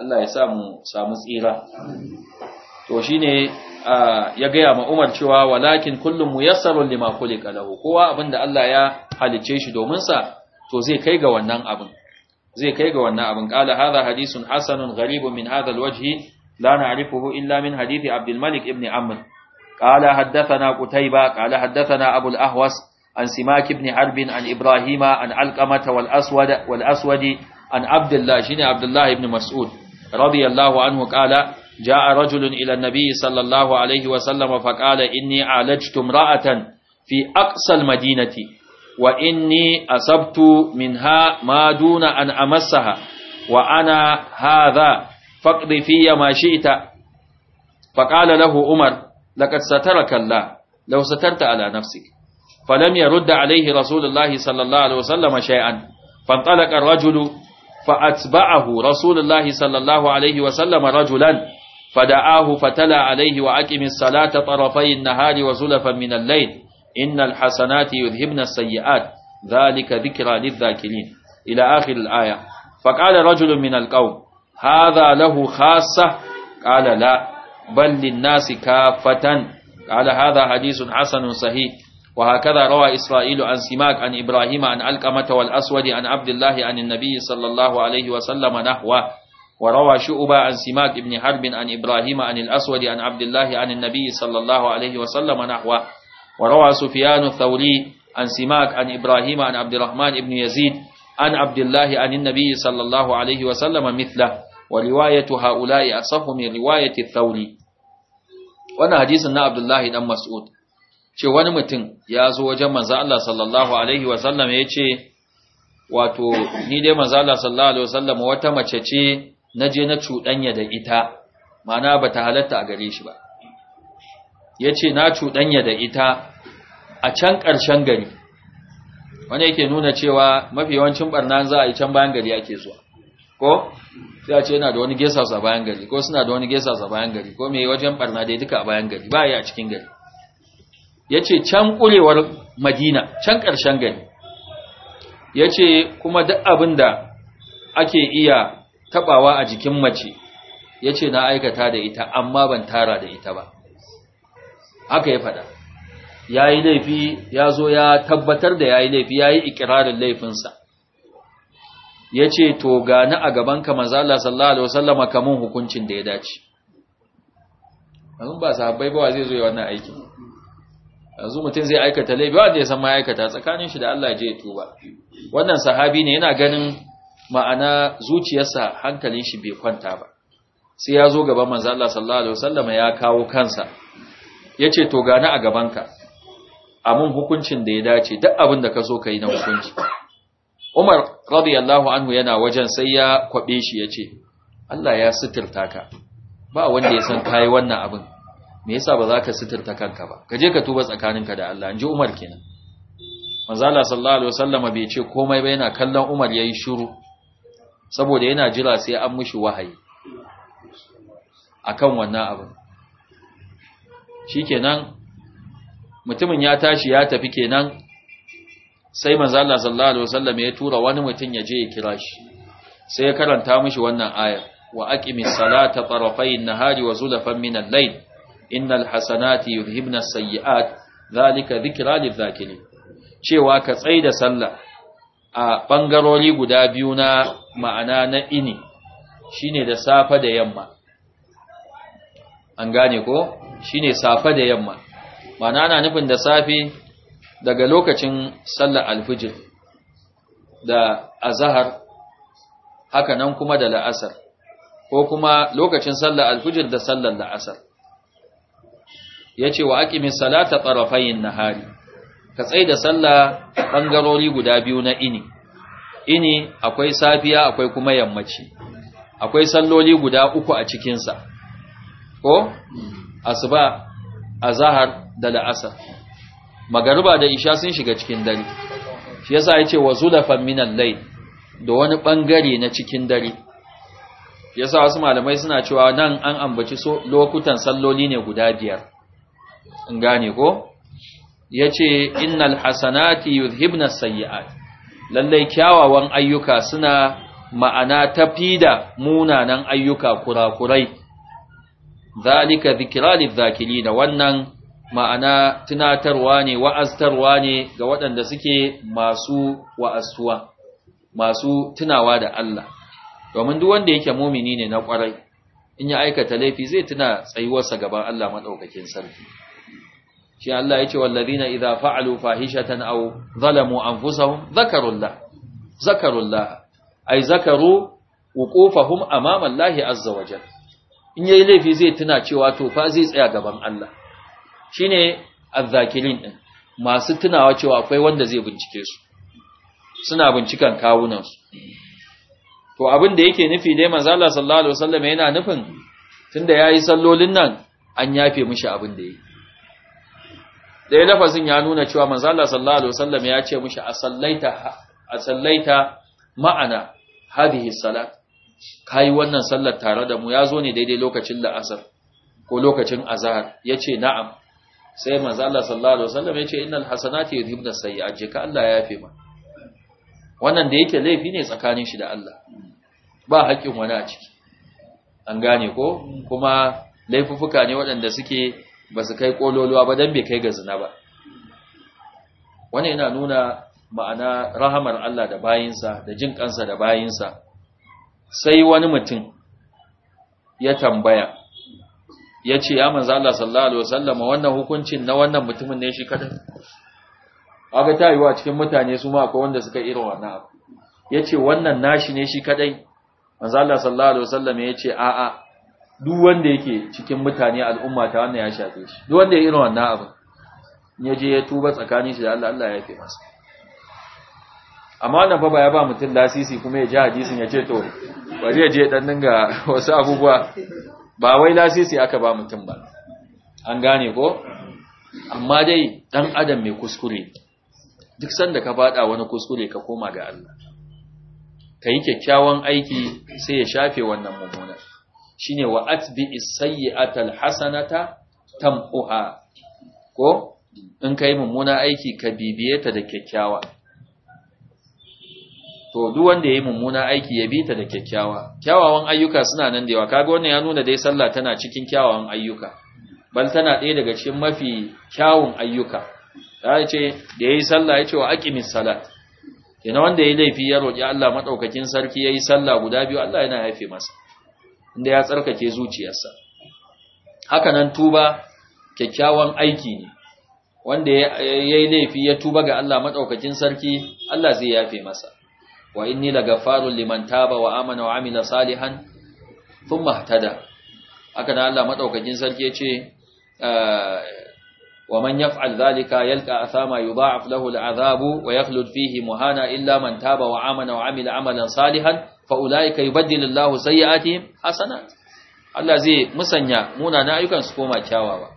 Allah ya samu samu tsira to shine ya gaya ma Umar cewa walakin kullum muyassarun lima khuliqa lahu kowa abinda Allah ya halice shi domin sa to zai kai ga wannan abin zai kai ga wannan abin kala hadha hadisun hasanun gharibun min hadha alwajhi la na'rifuhu illa min hadithi abdul malik ibn amr kala haddathana qutayba qala haddathana abu al-ahwas an simak ibn harb an ibrahima an alqamata wal aswad wal aswadi an abdullah shine abdullah ibn mas'ud radiyallahu anhu qala jaa rajulun ila an-nabiy sallallahu alayhi wa sallam fa kala inni alajtu imra'atan fi aqsal madinati وإني أصبت منها ما دون أن أمسها وأنا هذا فاقض في ما شئت فقال له عمر لقد سترك الله لو سترت على نفسك فلم يرد عليه رسول الله صلى الله عليه وسلم شيئا فانطلق الرجل فأتبعه رسول الله صلى الله عليه وسلم رجلا فدعاه فتلى عليه وأكم الصلاة طرفي النهار وزلفا من الليل إن الحسنات يذهبن السيئات ذلك ذكرى للذاكرين إلى آخر الآية فقال رجل من القوم هذا له خاصة قال لا بل للناس كافة قال هذا حديث حسن صحيح وهكذا روى إسرائيل عن سماك عن إبراهيم عن ألقمة والأسود عن عبد الله عن النبي صلى الله عليه وسلم نحوه وروى شؤبا عن سماك بن حرب عن إبراهيم عن الأسود عن عبد الله عن النبي صلى الله عليه وسلم نحوه وروى سفيان الثوري عن سماك عن إبراهيم عن عبد الرحمن بن يزيد عن عبد الله عن النبي صلى الله عليه وسلم مثله ورواية هؤلاء أصف من رواية الثوري وانا حديث عن عبد الله بن مسعود ce wani mutum ya zo wajen manzo Allah sallallahu alaihi wasallam ya ce wato ni dai manzo Allah sallallahu alaihi wasallam wata mace ce naje na cuɗanya da ita ma'ana bata halatta a gare shi ba ya ce na cuɗanya da ita a can ƙarshen gari wani yake nuna cewa mafi yawancin ɓarna za a yi can bayan gari ake zuwa ko sai a ce yana da wani gesasa bayan gari ko suna da wani gesasa bayan gari ko mai wajen da dai duka a bayan gari ba yi a cikin gari ya ce can ƙulewar madina can ƙarshen gari ya ce kuma duk abin da ake iya taɓawa a jikin mace ya ce na aikata da ita amma ban tara da ita ba haka ya faɗa ya yi laifi ya zo ya tabbatar da ya yi laifi ya yi ikirarin laifinsa ya ce to gani a gabanka manzala sallallahu alaihi wasallama kamun hukuncin da ya dace yanzu ba sahabbai ba zai zo ya wannan aiki yanzu mutum zai aikata laifi wanda ya san ma aikata tsakanin shi da Allah je ya tuba wannan sahabi ne yana ganin ma'ana zuciyarsa hankalin shi bai kwanta ba sai ya zo gaban Allah sallallahu alaihi wasallama ya kawo kansa ya ce to gani a gabanka mun hukuncin da ya dace duk abin da ka so ka yi na hukunci umar radiyallahu anhu yana wajen sai ya kwaɓe shi ya ce allah ya suturta ka ba wanda ya san kayi wannan abin me yasa ba za ka suturta kanka ba ka je ka tuba tsakaninka da allah in ji umar kenan manzala sallallahu alaihi wasallama bai ce komai ba yana kallon umar yayi shiru saboda yana jira sai an mushi wahayi akan wannan abin shikenan mutumin ya tashi ya tafi kenan sai manzo Allah sallallahu alaihi wasallam ya tura wani mutum ya je ya kira shi sai ya karanta mishi wannan aya wa aqimis salata tarafayn nahari wa zulfan min al-layl innal hasanati yuzhibna as-sayyi'at zalika dhikra lidh-dhakirin cewa ka tsaida sallah a bangarori guda biyu na ma'ana na ini shine da safa da yamma an gane ko shine safa da yamma mana ana nufin da safe daga lokacin sallar alfijir da azhar haka nan kuma da la'asar ko kuma lokacin sallar alfijir da sallar la'asar yace wa aqimis salata tarafayn nahari ka tsaye da sallah bangarori guda biyu na ini ini akwai safiya akwai kuma yammaci akwai salloli guda uku a cikinsa ko asuba Azahar da la'asa magariba da isha sun shiga cikin dare shi yasa yace wa zulafan minan layl da wani bangare na cikin dare yasa wasu malamai suna cewa nan an ambaci so lokutan salloli ne guda biyar in gane ko yace innal hasanati yuzhibna sayyi'at Lallai kyawawan ayyuka suna ma'ana tafida munanan ayyuka kurakurai zalika zikra zakili da wannan ma'ana tunatarwa ne wa'aztarwa ne ga waɗanda suke masu masu tunawa da Allah domin duk wanda yake mumini ne na ƙwarai, in ya aikata laifi zai tuna tsayuwarsa gaban Allah maɗaukakin sarki shi Allah yace wallazina idza fa'alu fahishatan aw zalamu anfusahum zakarullah zakarullah ay zakaru wuqufahum amama Allah azza wajalla in yayi laifi zai tuna cewa to fa zai tsaya gaban Allah shine azzakirin din masu tunawa cewa akwai wanda zai bincike su suna bincikan kawunan su to abin da yake nufi dai manzo Allah sallallahu alaihi wasallam yana nufin tunda yayi sallolin nan an yafe mishi abin da yake dai lafazin ya nuna cewa manzo Allah sallallahu alaihi wasallam ya ce mishi asallaita asallaita ma'ana hadhihi salat kai wannan sallar tare da mu ya zo ne daidai lokacin la'asar ko lokacin azhar yace na'am sai manzo Allah sallallahu alaihi wasallam yace innal hasanati yudhibna sayyi'at jika Allah ya yafe ma wannan da yake laifi ne tsakanin shi da Allah ba haƙƙin wani a ciki an gane ko kuma laifuffuka ne waɗanda suke ba su kai kololuwa ba dan bai kai ga zina ba wannan yana nuna ma'ana rahamar Allah da bayinsa da jin kansa da bayinsa sai wani mutum ya tambaya ya ce ya manzo Allah sallallahu alaihi wasallam wannan hukuncin na wannan mutumin ne shi kadai aga ta wa cikin mutane su ma akwai wanda suka irin wannan abu Ya ce wannan nashi ne shi kadai manzo Allah sallallahu alaihi wasallam ya a a duk wanda yake cikin mutane al'umma ta wannan ya shafe shi duk wanda ya irin wannan abu ya je ya tuba tsakanin shi da Allah Allah ya yafe masa amma wannan fa ba ya ba mutum lasisi kuma ya ji hadisin ya ce to bari ya je dan dinga wasu abubuwa ba wai lasisi aka ba mutum ba an gane ko amma dai dan adam mai kuskure duk sanda ka fada wani kuskure ka koma ga Allah kai kyakkyawan aiki sai ya shafe wannan mummunar shine wa atbi as-sayyi'ata hasanata tam'uha ko in kai mummuna aiki ka bibiye ta da kyakkyawa to duk wanda yayi mummuna aiki ya bita da kyakkyawa kyawawan ayyuka suna nan da yawa kaga wannan ya nuna dai sallah tana cikin kyawawan ayyuka bal tana ɗaya daga cikin mafi kyawun ayyuka ya ce da yayi sallah ya ce wa aqimis salat Ina wanda yayi laifi ya roki Allah madaukakin sarki yayi sallah guda biyu Allah yana haife masa inda ya tsarkake zuciyarsa haka nan tuba kyakkyawan aiki ne wanda yayi laifi ya tuba ga Allah madaukakin sarki Allah zai yafe masa wa inni lagafarun liman taba wa amana wa amila salihan thumma ihtada haka da Allah madaukakin sarki yace wa man yaf'al dhalika yalqa athama yudha'af lahu al'adhabu wa yakhlud fihi muhana illa man taba wa amana wa amila amalan salihan fa ulaika yubaddilu Allahu sayyi'atihim hasanat Allah zai musanya munana ayyukan su koma kyawawa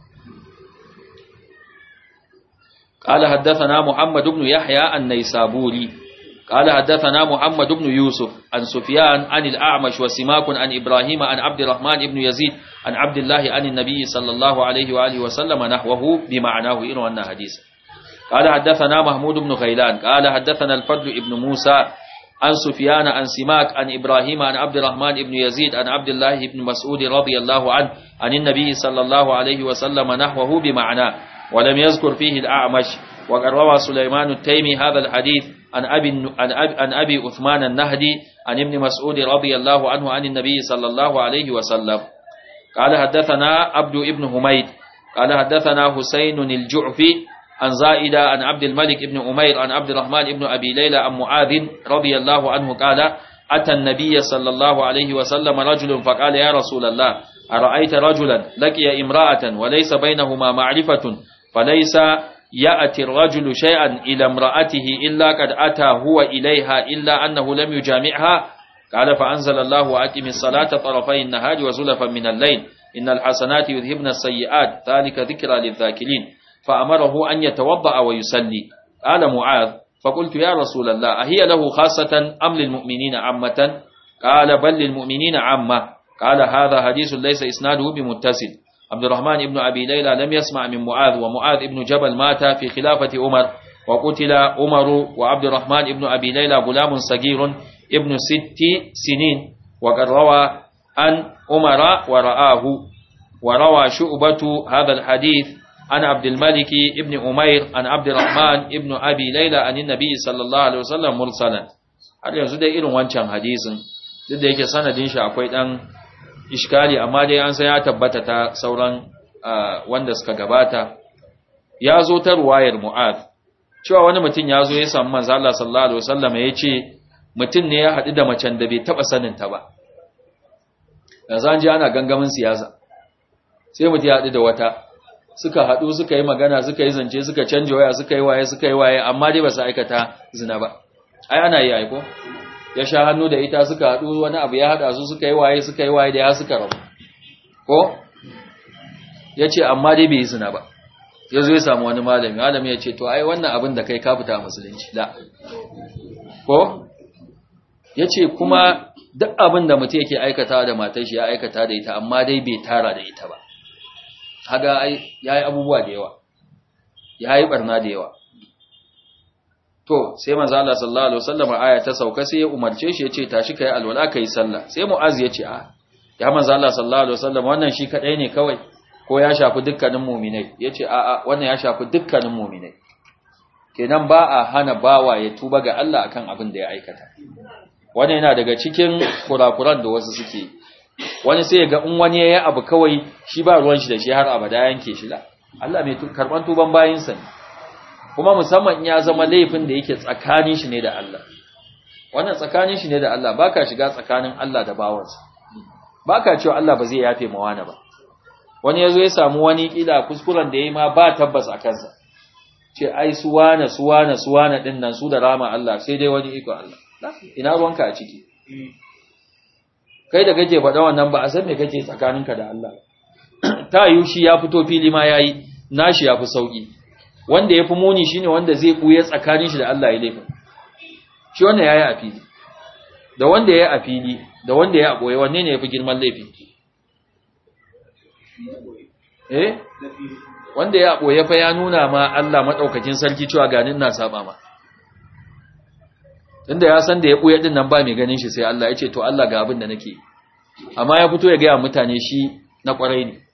قال حدثنا محمد بن يحيى النيسابوري قال حدثنا محمد بن يوسف عن سفيان عن الأعمش وسماك عن إبراهيم عن عبد الرحمن بن يزيد عن عبد الله عن النبي صلى الله عليه وآله وسلم نحوه بمعناه إنه أن حديث قال حدثنا محمود بن غيلان قال حدثنا الفضل بن موسى عن سفيان عن سماك عن إبراهيم عن عبد الرحمن بن يزيد عن عبد الله بن مسعود رضي الله عنه عن النبي صلى الله عليه وسلم نحوه بمعناه ولم يذكر فيه الأعمش وقال روى سليمان التيمي هذا الحديث عن أبي, عن أبي أثمان النهدي عن ابن مسعود رضي الله عنه عن النبي صلى الله عليه وسلم قال حدثنا عبد ابن هميد قال حدثنا حسين الجعفي عن زائدة عن عبد الملك ابن أمير عن عبد الرحمن ابن أبي ليلى عن معاذ رضي الله عنه قال أتى النبي صلى الله عليه وسلم رجل فقال يا رسول الله أرأيت رجلا لقي امرأة وليس بينهما معرفة فليس يأتي الرجل شيئا إلى امرأته إلا قد أتى هو إليها إلا أنه لم يجامعها قال فأنزل الله وأكم الصلاة طرفي النهار وزلفا من الليل إن الحسنات يذهبن السيئات ذلك ذكرى للذاكرين فأمره أن يتوضأ ويسلي قال معاذ فقلت يا رسول الله أهي له خاصة أم للمؤمنين عامة قال بل للمؤمنين عامة قال هذا حديث ليس إسناده بمتصل عبد الرحمن بن أبي ليلى لم يسمع من معاذ ومعاذ بن جبل مات في خلافة عمر وقتل عمر وعبد الرحمن بن أبي ليلى غلام صغير ابن ست سنين وقد روى أن عمر ورآه وروى شعبة هذا الحديث عن عبد الملك ابن أمير عن عبد الرحمن ابن أبي ليلى عن النبي صلى الله عليه وسلم مرسلا har yanzu dai irin wancan hadisin duk da yake sanadin shi ishkali amma dai an san ya tabbata ta sauran wanda suka gabata ya zo ta ruwayar mu'ad cewa wani mutum ya zo ya samu manzo Allah sallallahu alaihi wasallam ya ce mutum ne ya haɗu da macen da bai taɓa sanin ta ba yanzu an ji ana gangamin siyasa sai mutum ya haɗu da wata suka haɗu suka yi magana suka yi zance suka canza waya suka yi waye suka yi waye amma dai ba su aikata zina ba ai ana yi aiko ya sha hannu da ita suka haɗu wani abu ya haɗa su suka yi waye suka yi waye da ya suka rabu ko ya ce amma dai bai yi zina ba ya zo ya samu wani malami malami ya ce to ai wannan abin da kai ka fita musulunci da ko ya ce kuma duk abin da mutum yake aikata da matar shi ya aikata da ita amma dai bai tara da ita ba haga ya yi abubuwa da yawa ya yi barna da yawa to sai manzo Allah sallallahu alaihi wasallam aya ta sauka sai ya umarce shi yace tashi kai alwala kai sallah sai mu'az yace a ya manzo Allah sallallahu alaihi wasallam wannan shi kadai ne kawai ko ya shafi dukkanin mu'minai yace a a wannan ya shafi dukkanin mu'minai kenan ba a hana bawa ya tuba ga Allah akan abin da ya aikata Wani yana daga cikin kurakuran da wasu suke wani sai ga in wani yayi abu kawai shi ba ruwan shi da shi har abada yanke shi la Allah mai karban tuban bayinsa ne kuma musamman in ya zama laifin da yake tsakanin shi ne da Allah wannan tsakanin shi ne da Allah baka shiga tsakanin Allah da bawansa baka cewa Allah ba zai yafe ma wani ba wani yazo ya samu wani kila kuskuren da yayi ma ba tabbas a kansa ce ai su wane su wane su wane din nan su da rama Allah sai dai wani iko Allah ina ruwanka a ciki kai da kake faɗa wannan ba a san me kake tsakaninka da Allah ta yushi shi ya fito fili ma yayi nashi ya fi sauki wanda ya fi muni shi ne wanda zai ɓuya tsakanin shi da Allah ya laifin shi wanda ya yi a fili da wanda ya yi a fili da wanda ya ɓoye wanne ne ya fi girman laifin eh wanda ya ɓoye fa ya nuna ma Allah maɗaukakin sarki cewa ganin na saba ma inda ya san da ya ɓoye ɗin nan ba mai ganin shi sai Allah ya ce to Allah ga abin da nake amma ya fito ya gaya mutane shi na ƙwarai ne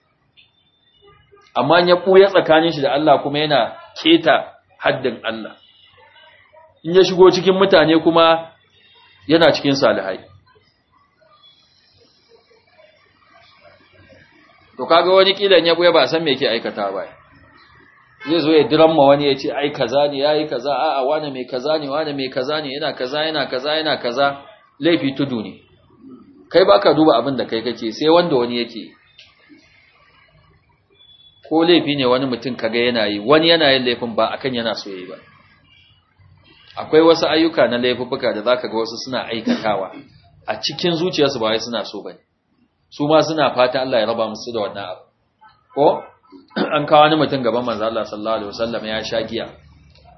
amma ya ɓuya tsakanin shi da Allah kuma yana keta haddin Allah in ya shigo cikin mutane kuma yana cikin salihai to kaga wani kilan ya ɓuya ba san me yake aikata ba zai zo ya ma wani ya ce ai kaza ne yayi kaza a'a wani mai kaza ne wani mai kaza ne yana kaza yana kaza yana kaza laifi tudu ne kai baka duba abin da kai kake sai wanda wani yake ko laifi ne wani mutum kaga yana yi wani yana yin laifin ba akan yana so yi ba akwai wasu ayyuka na laifuka da zaka ga wasu suna aikatawa a cikin zuciyarsu ba wai suna so bane su ma suna fata Allah ya raba musu da wannan abu ko an kawo wani mutum gaban manzo Allah sallallahu alaihi wasallam ya sha giya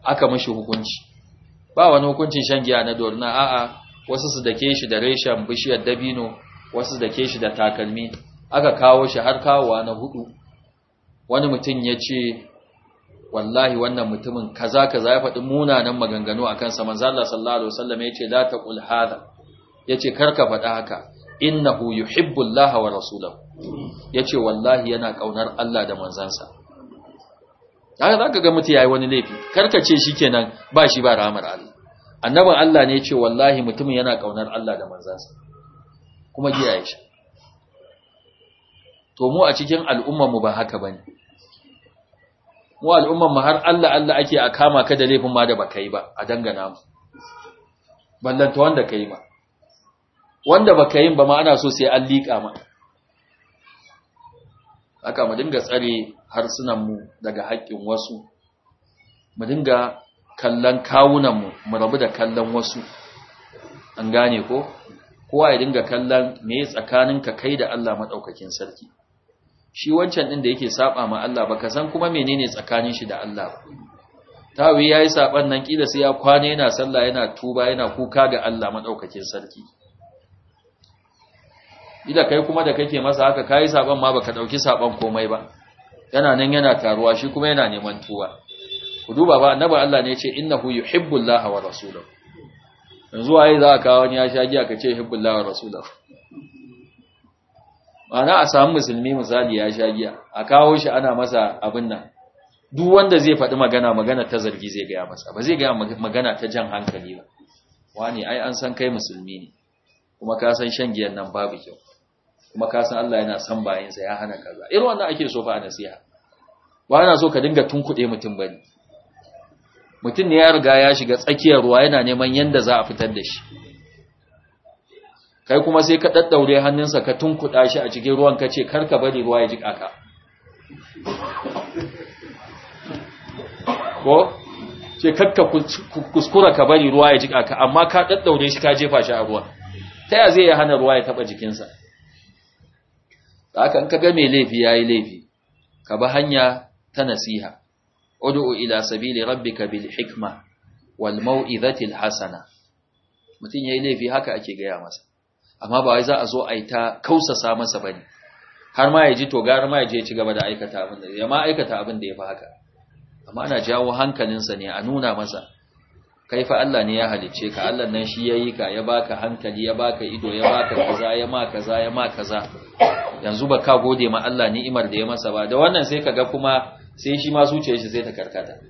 aka mishi hukunci ba wani hukuncin shan giya na dorna a'a wasu su dake shi da reshen bishiyar dabino wasu dake shi da takalmi aka kawo shi har kawo na hudu wani mutum ya ce wallahi wannan mutumin kaza kaza ya faɗi munanan maganganu a kansa Manzala Allah sallallahu alaihi wasallam ya ce la taqul hadha ya ce kar ka faɗa haka innahu yuhibbu Allah wa rasulahu ya ce wallahi yana ƙaunar Allah da manzansa haka za ka ga mutum ya yi wani laifi Kar karkace shi kenan ba shi ba ramar Allah annabin Allah ne ya ce wallahi mutumin yana ƙaunar Allah da manzansa kuma giya ya sha to mu a cikin al'ummarmu ba haka ba ne mu al'umman mu har Allah Allah ake a kama ka da laifin ma da baka yi ba a dangana mu ballanta wanda ka yi ma wanda baka yin ba ma ana so sai an liƙa ma haka mu dinga tsare harsunan mu daga haƙƙin wasu mu dinga kallon kawunan mu mu rabu da kallon wasu an gane ko kowa ya dinga kallon me ka kai da Allah madaukakin sarki shi wancan din da yake saba ma Allah ba ka san kuma menene tsakanin shi da Allah ba tawi yayi saban nan kila sai ya kwana yana sallah yana tuba yana kuka ga Allah madaukakin sarki ila kai kuma da kake masa haka kai saban ma baka dauki saban komai ba yana nan yana taruwa shi kuma yana neman tuwa ku duba ba annabi Allah ne ya ce innahu yuhibbullaha wa rasulahu yanzu waye za ka kawo wani ya sha ka ce yuhibbullaha wa rasulahu ana a samu musulmi misali ya sha giya a kawo shi ana masa abin nan duk wanda zai faɗi magana magana ta zargi zai gaya masa ba zai gaya magana ta jan hankali ba wani ai an san kai musulmi ne kuma ka san shan giyan nan babu kyau kuma ka san Allah yana san bayinsa ya hana kaza irin wannan ake so fa a nasiha ba ana so ka dinga tunkuɗe mutum bane mutum ne ya riga ya shiga tsakiyar ruwa yana neman yanda za a fitar da shi kai kuma sai ka daddaure hannunsa ka tunkuda shi a cikin ruwan ka ce kar ka bari ruwa ya jika ka ko ce kar ka kuskura ka bari ruwa ya jika ka amma ka daddaure shi ka jefa shi a ruwa ta ya zai hana ruwa ya taba jikinsa haka in ka ga mai laifi yayi laifi ka bi hanya ta nasiha ud'u ila sabili rabbika bil hikma wal mau'izati al hasana mutun yayi laifi haka ake gaya masa amma ba wai za a zo a yi ta kausasa masa ne. har ma ya ji to gara ma ya je ci gaba da aikata abin da ya ma aikata abin da ya fi haka amma ana jawo hankalinsa ne a nuna masa kai fa Allah ne ya halicce ka Allah nan shi yayi ka ya baka hankali ya baka ido ya baka kaza ya ma kaza ya ma kaza yanzu ba ka gode ma Allah ni'imar da ya masa ba da wannan sai kaga kuma sai shi ma zuciyar shi sai ta karkata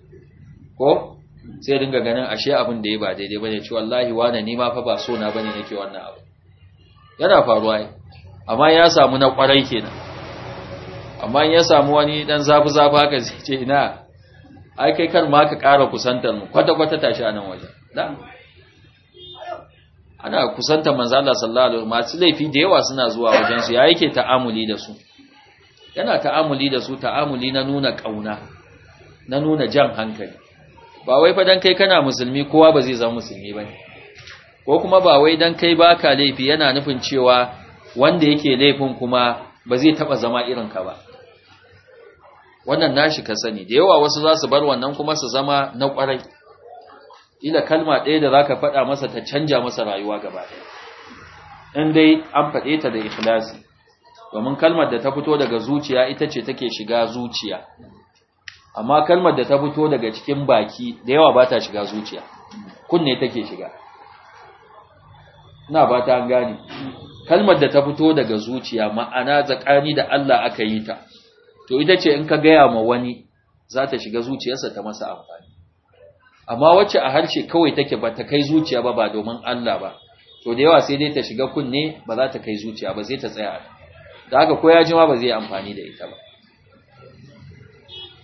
ko sai dinga ganin ashe abin da ya ba daidai bane ci wallahi wani ni ma fa ba so na bane nake wannan abu yana faruwa yi amma ya samu na kwarai kenan amma ya samu wani dan zafi zafi haka zai ce ina ai kai kar ma ka ƙara kusantar mu kwata kwata tashi a nan waje dan ana kusantar manzo Allah sallallahu alaihi wasallam masu laifi da yawa suna zuwa wajen su ya yake ta'amuli da su yana ta'amuli da su ta'amuli na nuna kauna na nuna jan hankali ba wai fa dan kai kana musulmi kowa ba zai zama musulmi bane ko kuma ba wai dan kai baka laifi yana nufin cewa wanda yake laifin kuma ba zai taba zama irin ka ba wannan nashi ka sani da yawa wasu za su bar wannan kuma su zama na kwarai ila kalma ɗaya da zaka faɗa masa ta canja masa rayuwa gaba ɗaya in dai an faɗe ta da ikhlasi domin kalmar da ta fito daga zuciya ita ce take shiga zuciya amma kalmar da ta fito daga cikin baki da yawa ba ta shiga zuciya kunne take shiga ina ba ta gane kalmar da ta fito daga zuciya ma'ana tsakani da Allah aka yi ta to ita ce in ka gaya ma wani za ta shiga zuciyarsa ta masa amfani amma wacce a harshe kawai take ba ta kai zuciya ba ba domin Allah ba to da yawa sai dai ta shiga kunne ba za ta kai zuciya ba sai ta tsaya da haka ko ya jima ba zai amfani da ita ba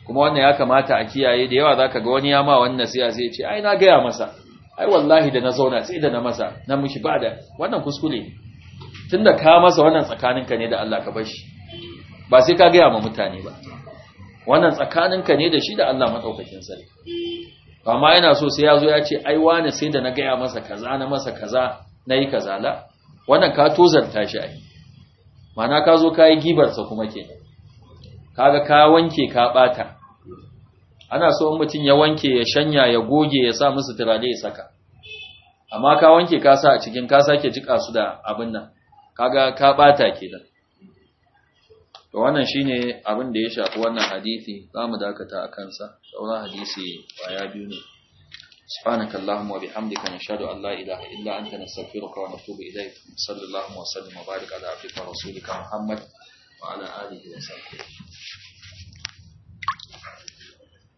kuma wannan ya kamata a kiyaye da yawa zaka ga wani ya ma wannan nasiha sai ya ce ai na gaya masa ai wallahi da na zauna sai da na masa na mishi ba da wannan kuskure tun tunda ka masa wannan tsakaninka ne da Allah ka bar ba sai ka gaya ma mutane ba wannan tsakaninka ne da shi da Allah maɗaukakin sarki amma yana so sai ya zo ya ce ai wani sai da na gaya masa kaza na masa kaza na yi kaza la wannan ka tozarta shi ai mana ka zo ka yi gibarsa kuma ke kaga ka wanke ka bata ana so in mutum ya wanke ya shanya ya goge ya sa musu turare ya saka amma ka wanke ka sa a cikin ka sake jika su da abin nan kaga ka bata kenan to wannan shine abin da ya shafi wannan hadisi zamu dakata a kansa sauran hadisi baya biyu ne سبحانك اللهم وبحمدك نشهد أن لا إله إلا أنت نستغفرك ونتوب إليك صلى الله وسلم وبارك على عبدك ورسولك محمد وعلى آله وصحبه